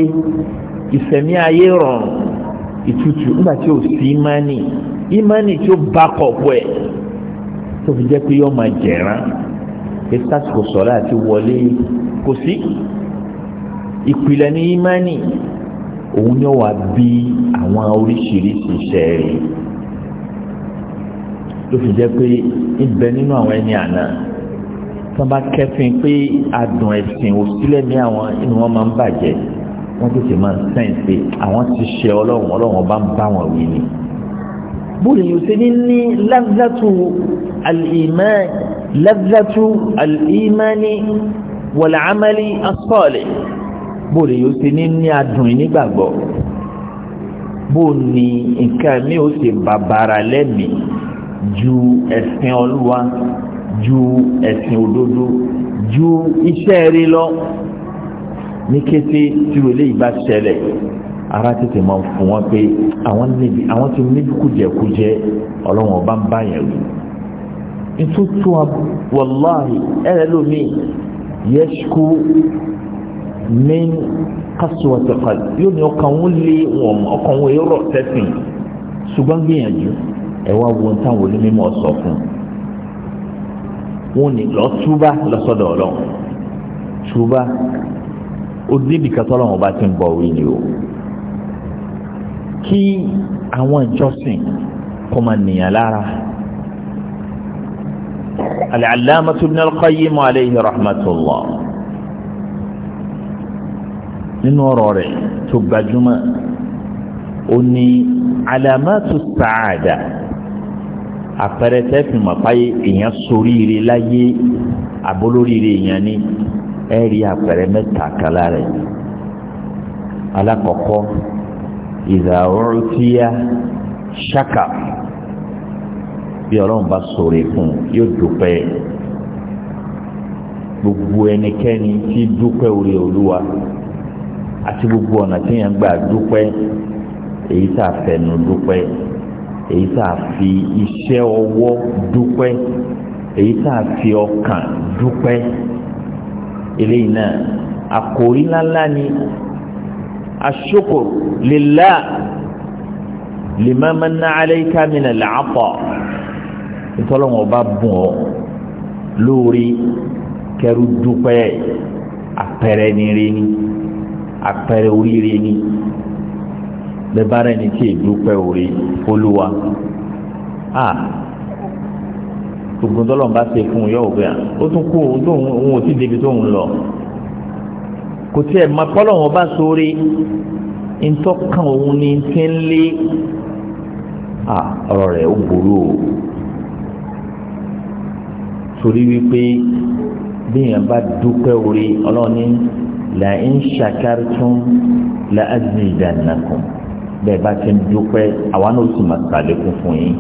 ìsẹ̀mí ayé rọrùn ìtutù nígbà tí o sí Imani ìmánì tí o bá kọ̀ pọ̀ ẹ̀ tó fi jẹ́ pé yọ máa jẹ̀rán ìsásùkò sọ̀rọ̀ àti wọlé kò sí ìpìlẹ̀ ní ìmánì òun yóò wá bí àwọn oríṣiríṣi iṣẹ́ rẹ̀ ló fi jẹ́ pé ibẹ̀ nínú àwọn ẹni àná tó bá kẹ́fìn pé adùn ẹ̀sìn ò ní àwọn inú wọn máa ń bàjẹ́ wọ́n tètè máa sẹ́yìn pé àwọn ti ṣe ọlọ́run ọlọ́run bá ń bá wọn wí ni. bóyá yóò ṣe ní ní ladzatu al-iman ladzatu al-imani wal-amali bóyá yóò ṣe ní ní adùn ìnígbàgbọ́ bó ni nǹkan mi ò ṣe bàbàrà lẹ́mìí ju ẹ̀sìn Olúwa ju ẹ̀sìn òdodo ju iṣẹ́ rí lọ ní kété tí olè yìí bá ṣẹlẹ̀ ara tètè máa fún wọn pé àwọn níbi àwọn tí níbi kùjẹkùjẹ ọlọ́wọ́n ọba ń bá yẹn wù ntutu wàláhi ẹlẹ́lómi yẹ́ṣkú min kásùwàtẹ̀kọ̀ yóò ní ọkàn wọn lé wọn ọkàn wọn èrò tẹ́sìn ṣùgbọ́n gbìyànjú ẹ wá wo táwọn onímọ̀ sọ fún wọn ni lọ túbá lọ́sọ̀dọ̀ ọlọ́run túbá ó débi kátó ọlọ́run ọba ti ń bọ̀ wí ni o kí àwọn ìjọsìn kó máa nìyàn lára. العلامة ابن القيم عليه رحمة الله nínú ọ̀rọ̀ rẹ̀ tó gbajúmọ̀ ó ní علامات السعادة àpẹẹrẹ tẹ́sìn mọ̀páyé èèyàn soríire láyé àbólóríire èèyàn ni ẹ rí àpẹẹrẹ mẹ́ta kala rẹ̀ alákọ̀ọ́kọ́ ìdàrútíyà ṣáka bí ọlọ́run bá sọ̀rọ̀ fún yóò dúpẹ́ gbogbo ẹnikẹ́ni tí dúpẹ́ orí olúwa àti gbogbo ọ̀nà tí yẹn gbà dúpẹ́ èyí tá fẹnu dúpẹ́ èyí tá a fi iṣẹ́ ọwọ́ dúpẹ́ èyí tá a fi ọkàn dúpẹ́ eléyìí náà àkòrí ńláńlá ni ashukur lillah limaman na alayka min al-ata ìtọ́lọ́wọ́n bùn ọ́ lórí kẹrù dúpẹ́ àpẹẹrẹ nírẹ́ ni àpẹẹrẹ oríire lẹ́bàárà ẹni tí ìdúpẹ́ òrè olúwa a gbogbo tó lọ́n bá ṣe fún un yọ òwe à ó tún kú òun tó òun ò tí débi tó òun lọ kò tiẹ̀ máa kọ́lọ̀ wọn bá sóore ntọ́kàn òun ni ti ń lé a ọ̀rọ̀ rẹ̀ ó burú o torí wípé bí yẹn bá dúpẹ́ òrè ọlọ́ọ̀ni là ń ṣàkárìtún là á zì ìdánilákùn. bẹ́ẹ̀ bá ti ń dúpẹ́ àwa náà sì máa ṣàlékún fún yín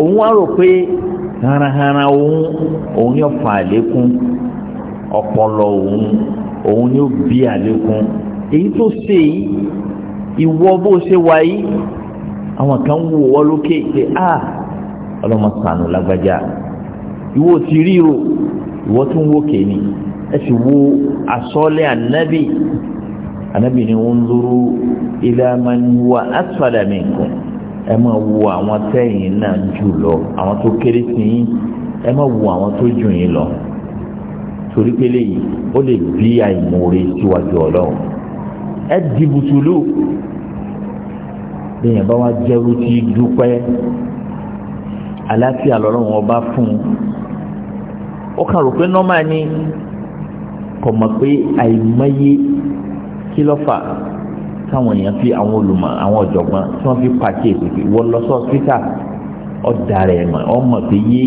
òun wá rò pé hanahana òun òun yóò fà àlékún ọpọlọ òun òun yóò bí àlékún èyí tó ṣe yìí ìwọ bó ṣe wà yìí àwọn kan wò wọ lókè pé a ọlọmọ sànù lágbájá ìwọ ti rí o ìwọ tún wò kéènì ẹ sì wo asọ́lẹ̀ ànábì anabi ni ń zuru ila man huwa asfala minkum ẹ máa wo àwọn tẹ́yìn náà jù lọ àwọn tó kéré sí yín ẹ máa wo àwọn tó jù yín lọ torí pé léyìí ó lè bí àìmọ̀ọ́rẹ́ síwájú ọlọ́run ẹ di bùtùlù lèyìn bá wá jẹ́rú tí dúpẹ́ aláfíà lọ́rùn ọba fún ó kàn pé nọ́mà ni kò mọ̀ pé àìmọye kí ló fà táwọn èèyàn fi àwọn olùmọ̀ àwọn ọ̀jọ̀gbọ́n tí wọ́n fi pàṣẹ ìpèpè wọ́n lọ sọ síta ọ̀dà rẹ̀ mọ̀ ọmọ pé yé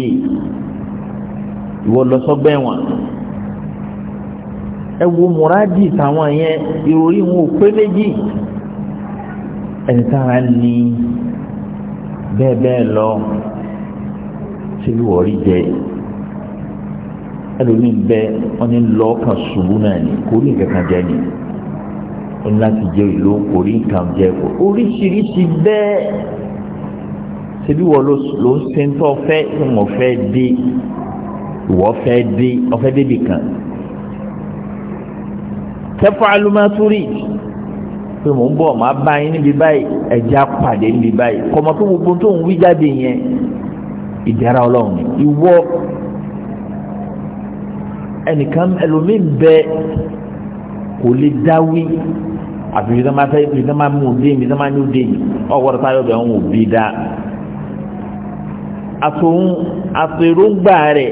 ìwọ lọ sọgbẹ́ wọn ẹ wo mùrádì táwọn yẹn ìròrí wọn ò pé méjì ẹni tára ní bẹ́ẹ̀ bẹ́ẹ̀ lọ sílùú ọ̀rí jẹ ẹlòmíín bẹ́ẹ̀ wọ́n ní lọ́ọ̀kan ṣubú náà ní kò ní kankan jẹ́ nìyí ó ní láti jẹ ìlú kò rí nǹkan jẹ kò oríṣiríṣi bẹ́ẹ̀ ṣebí wọ́n ló ń ṣe ń tọ́ fẹ́ ìwọ̀n fẹ́ dé ìwọ́ fẹ́ dé ọfẹ́ débì kan tẹ́fọ́ alumátúrì pé mò ń bọ̀ máa bá yín níbi báyìí ẹja pàdé níbi báyìí kọ́mọ tó gbogbo tó ń wí jáde yẹn ìdára ọlọ́run ni ìwọ ẹnìkan ẹlòmíín bẹ kò lè dáwí àfi ibi tó máa fẹ́ ibi tó máa mú dé ibi tó máa ní dé yìí ọ̀wọ́dọ̀ táyọ̀ bẹ̀ ń wò bí dá. àtòun àtòrógbà rẹ̀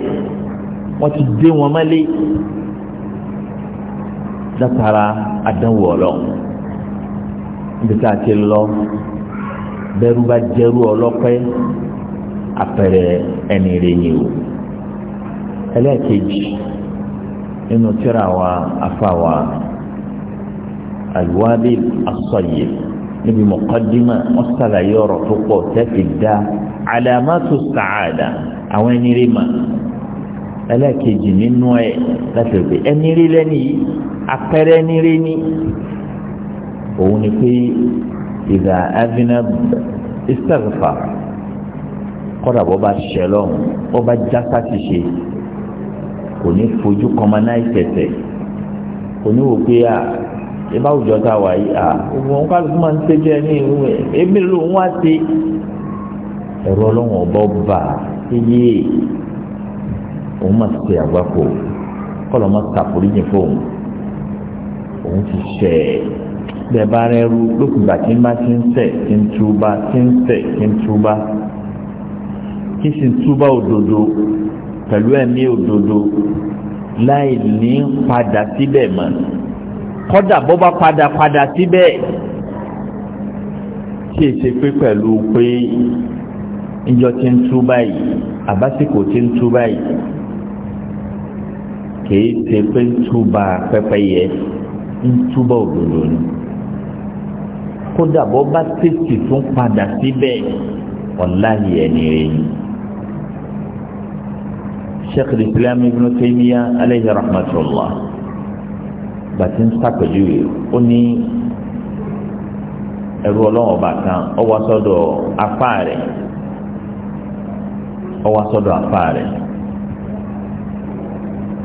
wọ́n ti dé wọn mọ́lé látara àdánwò ọlọ́run níbi tá a ti lọ bẹ́rù bá jẹ́rú ọlọ́pẹ́ àpẹẹrẹ ẹni rẹ̀ yìí o ẹlẹ́ẹ̀kejì nínú tíra wa afa wa alwabil asọ̀yẹ̀ níbi mọ̀kọ́dímà wọ́n sàlàyé ọ̀rọ̀ tó pọ̀ tẹ́fì dá alamatu sàádà àwọn ẹni rí mà ẹlẹ́ẹ̀kejì nínú ẹ̀ láti rẹ̀ pé ẹni rí lẹ́ni yìí apẹ́rẹ́ ẹni rí ni òun ni pé ìdá abinà istaghfa kọ́dà bọ́ bá ṣẹ lọ́hùn bá jásá ti kò ní fojú kọ́mọ náà ìfẹ̀sẹ̀ kò ní wò pé à ìbá òjò tá a wà yìí à ìwọ̀n kálukú máa ń ṣe bí ẹni ìwọ̀n èmi ló ń wá sí ẹ̀rọ ọlọ́run ọ̀bọ bà iye òun máa ṣe àgbákò kọ́lọ́ máa ṣàforíjì fóun òun ti ṣẹ̀ bẹ́ẹ̀ bá rẹ ru tí ń bá ti ń ṣẹ̀ tí ń túbá tí ń ṣẹ̀ tí ń túbá kí sì ń túbá òdodo pẹ̀lú ẹ̀mí òdodo láì ní padà síbẹ̀ mọ́ kọ́dà bó bá padà padà síbẹ̀ tí èsè pé pẹ̀lú pé ìjọ ti ń tú báyìí àbásìkò ti ń tú báyìí kìí ṣe pé ń túbà pẹ́pẹ́yẹ ń túbà òdòdó ni kódà bó bá tètè tún padà síbẹ̀ ọ̀la yẹn ni Sheikh Islam Ibn Taymiyyah alayhi rahmatullah gbàtí ń sàpèjúwe ó ní ẹrú ọlọ́wọ́n ọba kan ó wá sọ́dọ̀ afá rẹ̀ ó wá sọ́dọ̀ afá rẹ̀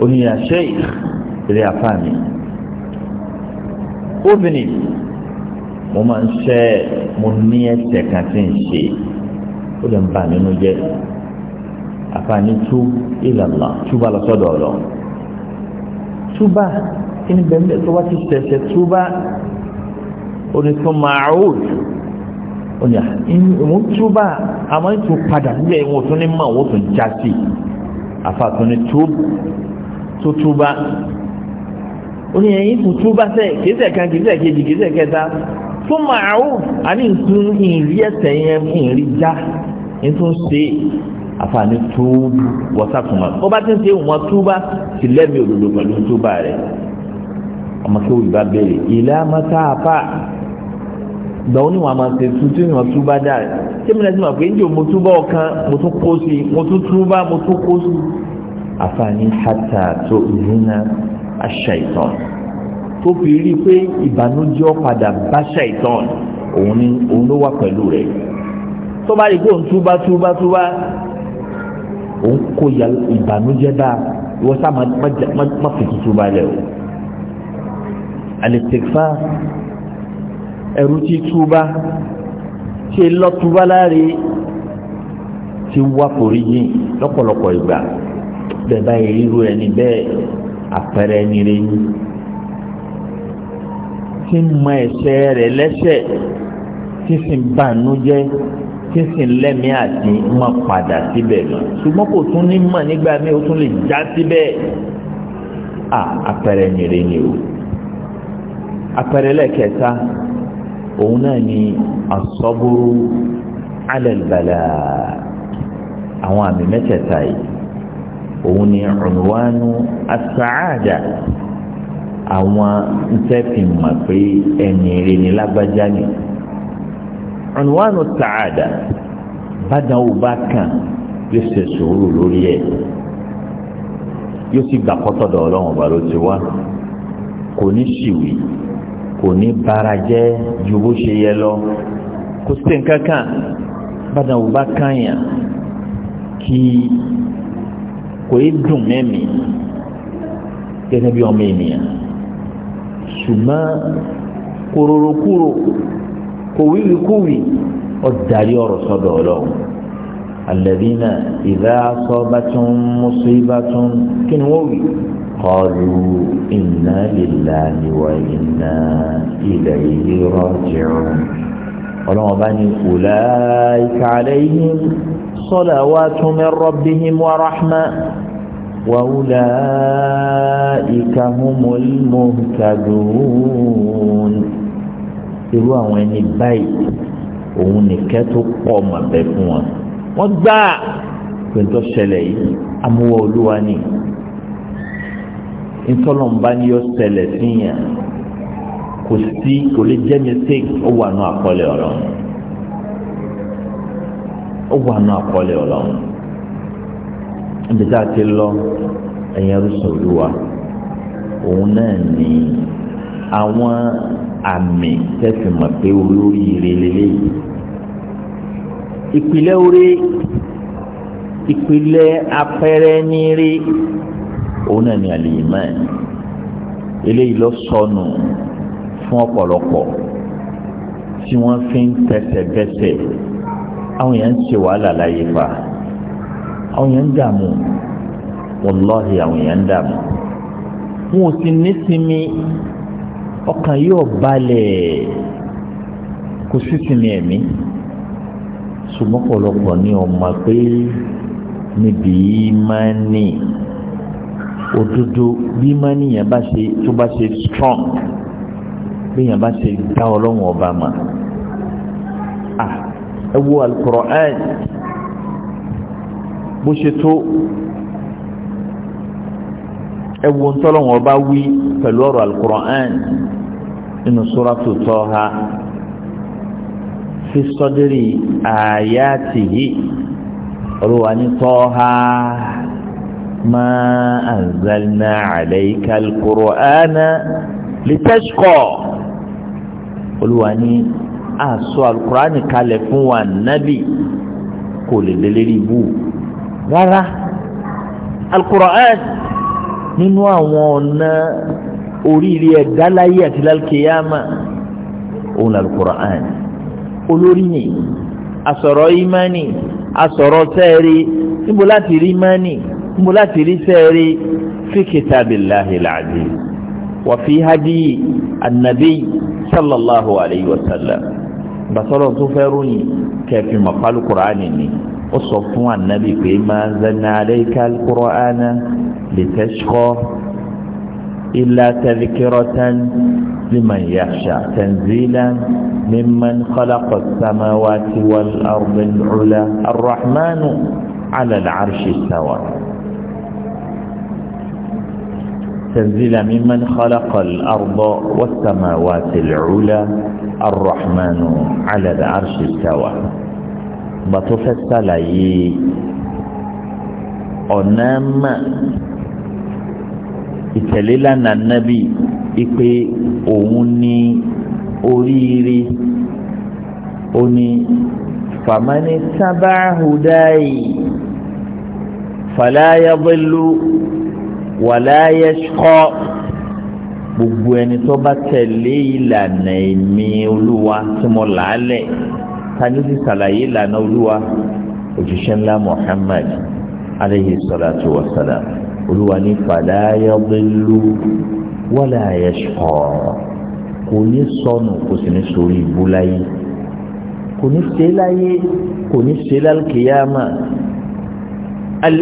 ó ní àṣẹ ìrẹ́ afá mi obìnrin mo máa ń ṣe mo ní ẹsẹ̀ kan tí ń ṣe ó lè ń bà nínú jẹ́ àfààní tú ìlànà túbà lọ sọ́dọ̀ ọ̀lọ́ túbà. Kini ni bẹ̀rẹ̀ tó bá ti ṣẹ̀ṣẹ̀ tó bá onítọ̀ ma'ud ọ̀nà ìwọ̀n tó bá àmọ́ ètò padà nílẹ̀ ìwọ̀n tó ní mọ̀ wọ́n tó ń já sí àfàtún ní tó tó bá oní ẹ̀yìn tó tó bá sẹ́ kéésẹ̀ kan kéésẹ̀ kejì kéésẹ̀ kẹta tó ma'ud àní ìtún ìrí ẹ̀sẹ̀ yẹn ìrí já ìtún ṣe àfààní tóóbù wọ́sàkùnmá bó bá ń ṣe ìwọ̀n tó bá sì lẹ́mìí òdodo pẹ̀lú tó bá rẹ̀ ọmọ kéwù ìbá béèrè ìlà mọ́tà àfà gbà ó ní wọn a máa ṣe tuntun ní wọn túbá dá rẹ sẹ́mi náà ti mọ̀ pé ń jò mo túbọ̀ ọ̀kan mo tún kó sí i mo tún túbá mo tún kó sí i àfààní hàtà tó ìrìnà àṣà ìtàn tó fi rí i pé ìbànújẹ́ padà bá àṣà ìtàn òun ni òun ló wà pẹ̀lú rẹ̀ tó bá rí i pé òun túbá túbá túbá òun kó ìbànújẹ́ dáa ìwọ sáà má fi túbá lẹ̀ o àlèsèfà ẹ̀rú tí túbá tí lọ́túbá láre tí wá forí yín lọ́pọ̀lọpọ̀ ìgbà bẹ́ẹ̀ báyìí ríru ẹni bẹ́ẹ̀ àpẹẹrẹ ẹni rẹ̀ yín tí ń mọ ẹ̀ṣẹ̀ rẹ̀ lẹ́ṣẹ̀ tí sì ń bànújẹ́ tí sì ń lẹ́mìí àti mọ̀ padà síbẹ̀ lọ ṣùgbọ́n kò tún ní mọ̀ nígbà míì ó tún lè já síbẹ̀ àpẹẹrẹ ẹni rẹ̀ ni o àpẹẹrẹ lẹ́ẹ̀kẹta òun náà ni asọ́búrú alẹ́lẹ́bàlà àwọn àmì mẹ́tẹ̀ẹ̀ta yìí òun ni ọ̀nùwánú asáàdà àwọn ntẹ́fì mà pé ẹ̀yìn rẹ̀ ní lágbájá ni ọ̀nùwánú sáàdà bàdàn ò bá kàn yóò ṣe sùúrù lórí ẹ̀ yóò sì gbà kọ́tọ̀dọ̀ ọlọ́run ọba ló ti wá kò ní ṣìwì kò ní bara jẹ́ ju bó ṣe yẹ lọ kò sí nǹkan kan bàdàn ò bá kànyà kí kò í dùn mẹ́mìí gẹ́gẹ́ bí ọmọ ènìyàn ṣùgbọ́n kòròròkúrò kò wíwíkúwì ọ̀dàrí ọ̀rọ̀ sọ́dọ̀ ọlọ́run alladhina idha asabatun musibatun kí ni wọ́n wí. قالوا إنا لله وإنا إليه راجعون ọlọ́wọ́n bá ní أولئك عليهم صلوات من ربهم ورحمة وأولئك هم المهتدون irú àwọn ẹni báyìí òun nìkẹ́ tó pọ̀ mà bẹ́ fún wọn wọ́n gbà pé ń tọ́ ṣẹlẹ̀ yìí amúwọ́ olúwa ni ntọ́lọ́mba ni yóò ṣẹlẹ̀ síyàn kò sí kò lè jẹ́ mistake ó wà nù àkọọ́lẹ̀ ọlọ́run ó wà nù àkọọ́lẹ̀ ọlọ́run níbi tá a ti lọ ẹ̀yìn arúgbó olúwa òun náà ní àwọn àmì tẹ́sí mọ̀ pé olórí ìrẹ̀lẹ̀ ìpìlẹ̀ orí ìpìlẹ̀ apẹ̀rẹ̀ ní òun náà ni al-iman eléyìí lọ sọnù fún ọ̀pọ̀lọpọ̀ tí wọ́n fi ń tẹsẹ̀bẹsẹ̀ àwọn èèyàn ń ṣe wàhálà láyé fa àwọn èèyàn ń dààmú wàláhì àwọn èèyàn ń dààmú wọn ò sì ní sinmi ọkàn yóò balẹ̀ kò sí sinmi ẹ̀mí sùmọ́pọ̀lọpọ̀ ní ọmọ pé níbi ìmánì òdodo bí má níyàn bá ṣe tó bá ṣe strong bí yàn bá ṣe dá ọlọ́run ọba mà á ẹ wo Al-Qur'an bó ṣe tó ẹ wo ntọ́lọ́run ọba wí pẹ̀lú ọ̀rọ̀ Al-Qur'an nínú Suratu Taha fi sọ́dírì àyátìhì ọ̀rọ̀ wa ní Taha. ما أنزلنا عليك القرآن لتشقى Olúwa ní a sọ alukurani kalẹ̀ fún wa nabi kò lè lélẹ́rì ibú rárá alukurani nínú àwọn ọ̀nà oríire ẹ̀dá láyé àti lálùkìyàmà òun alukurani olórí ni asọ̀rọ̀ imani asọ̀rọ̀ sẹ́ẹ̀rí níbo láti rí imani. ملاتي لسيري في كتاب الله العزيز وفي هدي النبي صلى الله عليه وسلم بصلاة فيروني كيف مقال قرآنني أصفوا النبي فيما زن عليك القرآن لتشقى إلا تذكرة لمن يخشى تنزيلا ممن خلق السماوات والأرض العلى الرحمن على العرش السواء تنزيلا ممن خلق الأرض والسماوات العلى الرحمن على العرش استوى بطوفة سلاي أنام ìtẹ̀lélà nà nábì ipe òun ní oríire ó ní fàmánì sábà wàlá yashqa gbogbo ẹni tó bá tẹ̀lé ìlànà èmi olúwa tí mo là á lẹ̀ tani ti sàlàyé ìlànà olúwa òjíṣẹ́ ńlá Muhammad aleyhi salatu wa salam olúwa ní fala yadillu wàlá kò ní sọnù kò sì ní sórí ibú kò ní ṣe láyé kò ní ṣe lálùkìyàmà al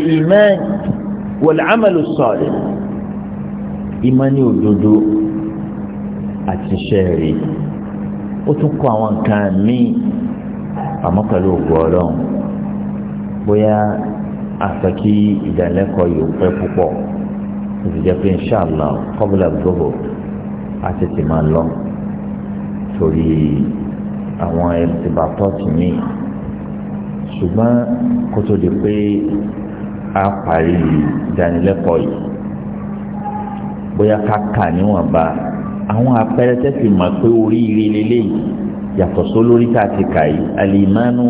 wal amalu salih ìmánì òdodo àti iṣẹ́ rẹ̀ ó tún kọ́ àwọn nǹkan míì àmọ́ pẹ̀lú ògùn ọlọ́run bóyá àfẹ́ kí ìdánilẹ́kọ̀ọ́ yìí ó pẹ́ púpọ̀ ó ti jẹ́ pé inṣàlá kọ́bùlà gbogbo á tètè máa lọ torí àwọn ẹ̀rù ti bàtọ́ tì mí ṣùgbọ́n kó tó di pé á parí ìdánilẹ́kọ̀ọ́ yìí bóyá ká kà níwọ̀nba àwọn àpẹẹrẹ tẹ́sí mọ̀ pé oríire lélẹ́yìí yàtọ̀ sólórí tá a ti kà yìí alìmánú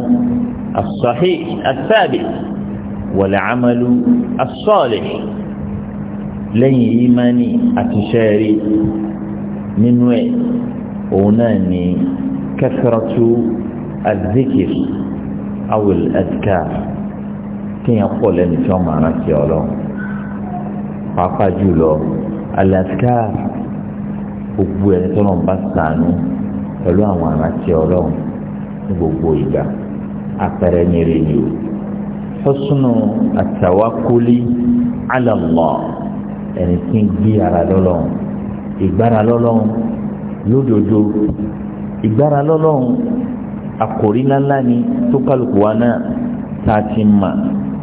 as-sahih as amalu as lẹ́yìn ìmánì àti sẹ́ẹ̀rí nínú ẹ̀ òun náà ni kathratu az-zikr aw kéèyàn pọ̀ lẹ́nu tí wọ́n máa rántí ọlọ́run pàápàá jùlọ alaska gbogbo ẹni tó náà bá sànú pẹ̀lú àwọn àrántí ọlọ́run ní gbogbo ìgbà àpẹẹrẹ nyere ni o fọ́sùnù àtàwákólé ala Allah ẹni tí ń gbé ara lọ́lọ́run ìgbára lọ́lọ́run lódodo ìgbára lọ́lọ́run àkòrí ńláńlá ni tó kálukú wa náà tá a ti mà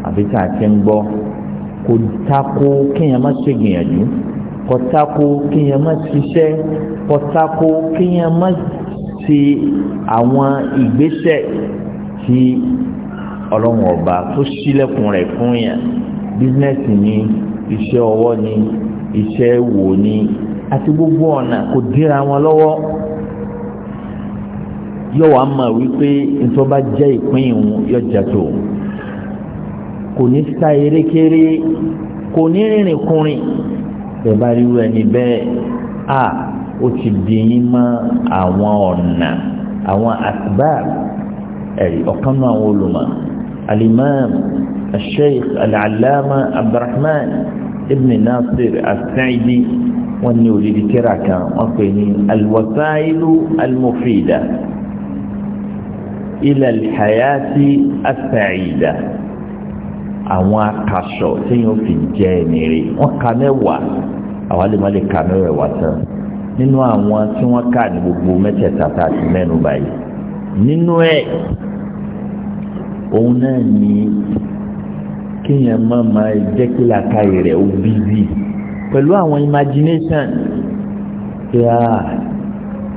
àbí tá a ti ń gbọ́ kò tako kéèyàn má ṣe gbìyànjú kò tako kéèyàn má ṣiṣẹ́ kò tako kéèyàn má ṣe àwọn ìgbésẹ̀ tí ọlọ́run ọba tó ṣílẹ̀kùn rẹ̀ fún yàn bísínẹ́sì ni iṣẹ́ ọwọ́ ni iṣẹ́ wò ni àti gbogbo ọ̀nà kò dira wọn lọ́wọ́ yọ wàá mọ̀ wípé ntọ́ bá jẹ́ ìpín ìhun yọ jẹ́ tó kò ní sá erékeré kò ní rìnrìn kùnrin bẹ́ẹ̀ bá rí ẹni bẹ́ẹ̀ a ó ti di yín mọ́ àwọn ọ̀nà àwọn asbab ẹ̀rí ọ̀kan náà àwọn olùmọ̀ alimam asheikh alalama abdulrahman ibn nasir asaidi wọn ní òdìdí kíra kan wọn pè ní alwasailu almufida ilal hayati asaida. Al àwọn akaṣọ téèyàn ò fi jẹ ẹnìrè wọn ka mẹ́wàá àwa lè má lè ka mẹ́wàá tán nínú àwọn tí wọn kà ní gbogbo mẹ́tẹ̀ẹ̀ta tá a ti mẹ́nu báyìí nínú ẹ òun náà ní kéèyàn má máa jẹ́ kí làákàyè rẹ̀ ó bízì pẹ̀lú àwọn imagination pé a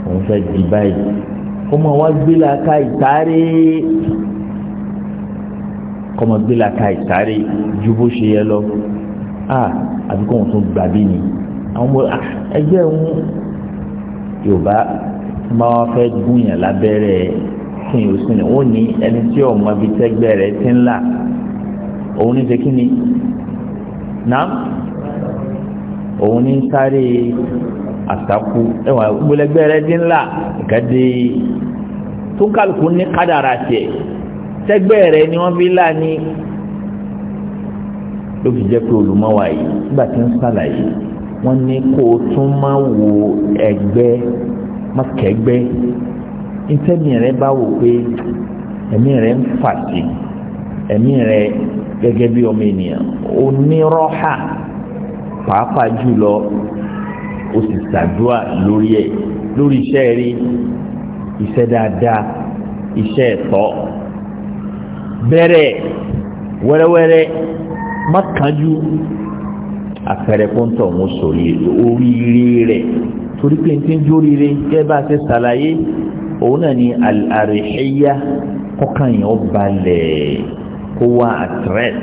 òun fẹ́ di báyìí ó máa wá gbé làákàyè sáré kọ́mọ la ka ìsáré ju bó ṣe yẹ lọ a àbí kò tún gbà bí ni àwọn ọmọ ẹgbẹ́ ń yorùbá máa wá fẹ́ gún yàn lábẹ́rẹ́ kí yóò sìn ó ní ẹni tí ọmọ bíi tẹ́gbẹ́ rẹ̀ ti ń là òun ní ṣe kí ni náà òun ní sáré àtàkù ẹwà gbọlẹgbẹ rẹ dín ńlá ìkàdé tó kálukú ní kádàrà tiẹ̀ sẹ́gbẹ́ rẹ̀ ni wọ́n fi là ní ló fi jẹ́ pé olùmọ́wà yìí nígbà tí ń sàlàyé wọ́n ní kó o tún máa wo ẹgbẹ́ mọ́kẹ́gbẹ́ ìtẹ́mi rẹ bá wò pé ẹ̀mí rẹ ń fà ẹ̀mí rẹ gẹ́gẹ́ bí ọmọ ènìyàn onírọ́hà pàápàá jùlọ o sì ṣàdúrà lórí ẹ̀ lórí iṣẹ́ rí iṣẹ́ dáadáa iṣẹ́ ẹ̀tọ́ bẹ̀rẹ̀ wẹ́rẹ́wẹ́rẹ́ má kánjú àpẹẹrẹ pọ́ńtọ̀ wọn sọ̀rí oríire rẹ̀ torí pé n ti ń jóríire gẹ́gẹ́ bá a ṣe ṣàlàyé òun náà ni àrèhíyá kọ́kàn yẹn ó balẹ̀ kó wá àtírẹ́t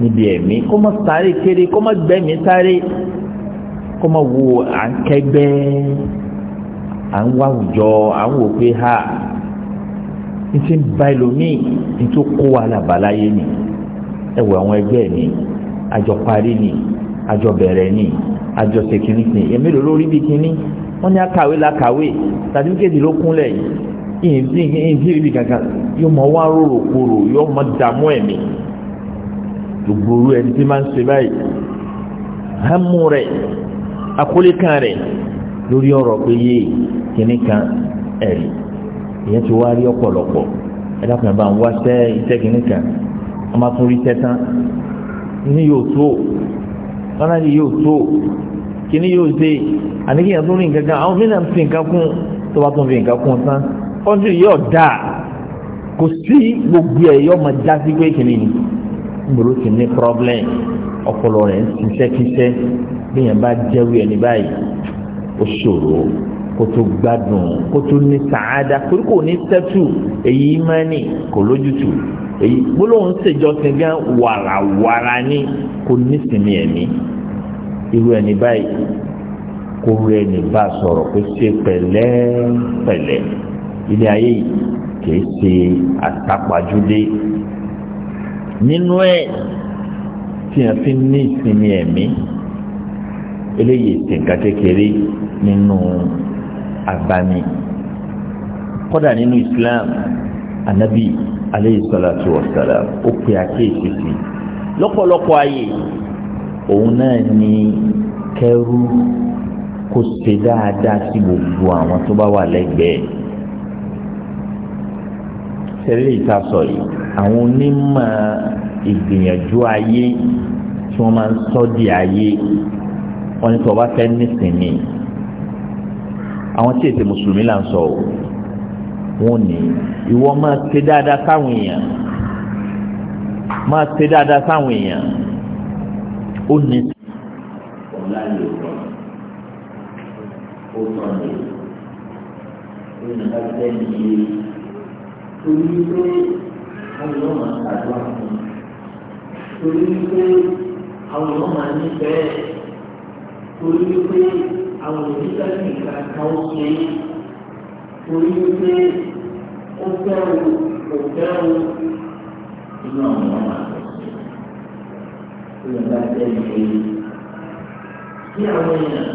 níbi ẹ̀mí kó má sáré kéré kó má gbẹ́mí sáré kó má wo à ń kẹgbẹ́ à ń wá àwùjọ à ń pé ha ntí ń ba ẹlòmíì ntí ó kó wa làbàlá yé ni ẹ wọ àwọn ẹgbẹ́ ni àjọ parí ni àjọ bẹ̀rẹ̀ ni àjọ sèkìrì èmi ló lórí bí kínní wọ́n ní akàwé la kàwé sàdúkèjì ló kúnlẹ̀ yìí ìyìnbí bí kankan yóò mọ wá rorò kúrò yóò mọ dààmú ẹ̀mí gbogbo ẹni tí máa ń ṣe báyìí hàmú rẹ̀ akólékan rẹ̀ lórí ọ̀rọ̀ pé yé kínní kan ẹ̀rí ìyẹn ti wá rí ọ̀pọ̀lọpọ̀ ẹ dákun ẹ bá ń wáṣẹ́ iṣẹ́ kìíní kan wọ́n máa tún rí iṣẹ́ tán ní yóò tó wọ́n á ní yóò tó kìíní yóò ṣe àníkìyàn tó ní nǹkan kan àwọn mìíràn fi nǹkan kún tó bá tún fi nǹkan kún tán ọdún yóò dáa kò sí gbogbo ẹ̀ yóò máa já sí pé kìíní ni gbòòrò ti ní problem ọpọlọ rẹ̀ ń ṣiṣẹ́ kíṣẹ́ bí yẹn bá jẹ́wé ẹni báyìí ó ṣòro kó tó gbádùn kó tó ní sàádà torí kò ní sẹ́tù èyí ìmánì kò lójútù èyí gbólóhùn ṣèjọsìn gan wàràwàrà ni kò ní sinmi ẹ̀mí irú ẹni báyìí kó rú ẹni bá sọ̀rọ̀ pé ṣe pẹ̀lẹ́ pẹ̀lẹ́ ilé ayé kìí ṣe àtàpàjúdé nínú ẹ̀ tí a fi ní ìsinmi ẹ̀mí eléyìí ṣe nǹkan kékeré nínú àgbàmì kódà nínú islam anabi aleyhi salatu wa salam ó pe àkéèsì sí lọ́pọ̀lọpọ̀ ayé òun náà ni kẹrú kó ṣe dáadáa sí gbogbo àwọn tó bá wà lẹ́gbẹ̀ẹ́ tẹ́lẹ̀ ìta sọ yìí àwọn onímọ̀ ìgbìyànjú ayé tí wọ́n máa ń sọ́ di ayé wọ́n ní tí wọ́n fẹ́ nísìnyí àwọn tí èsè mùsùlùmí là ń sọ o wọn ní ìwọ máa ṣe dáadáa sáwọn èèyàn máa ṣe dáadáa sáwọn èèyàn ó ní. torí pé àwọn yóò máa ṣàdúrà torí pé àwọn òṣìṣẹ́ sì kàkà ó ṣe é torí pé ó fẹ́ o kò fẹ́ o inú àwọn ọmọ àgbẹ̀ ó lè bá jẹ́ ìwé kí àwọn èèyàn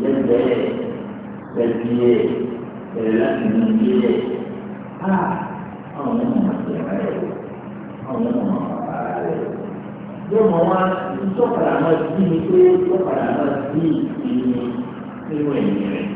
lẹ́gbẹ̀ẹ́ lẹ́gbẹ̀ẹ́ bẹ̀rẹ̀ láti inú ilé ẹ̀ á àwọn ọmọ àgbẹ̀ rẹ̀ àwọn ọmọ àgbẹ̀ rẹ̀ yóò mọ wá tó padà máa bí mi pé tó padà máa bí ìpinnu nínú ẹ̀yìn rẹ̀.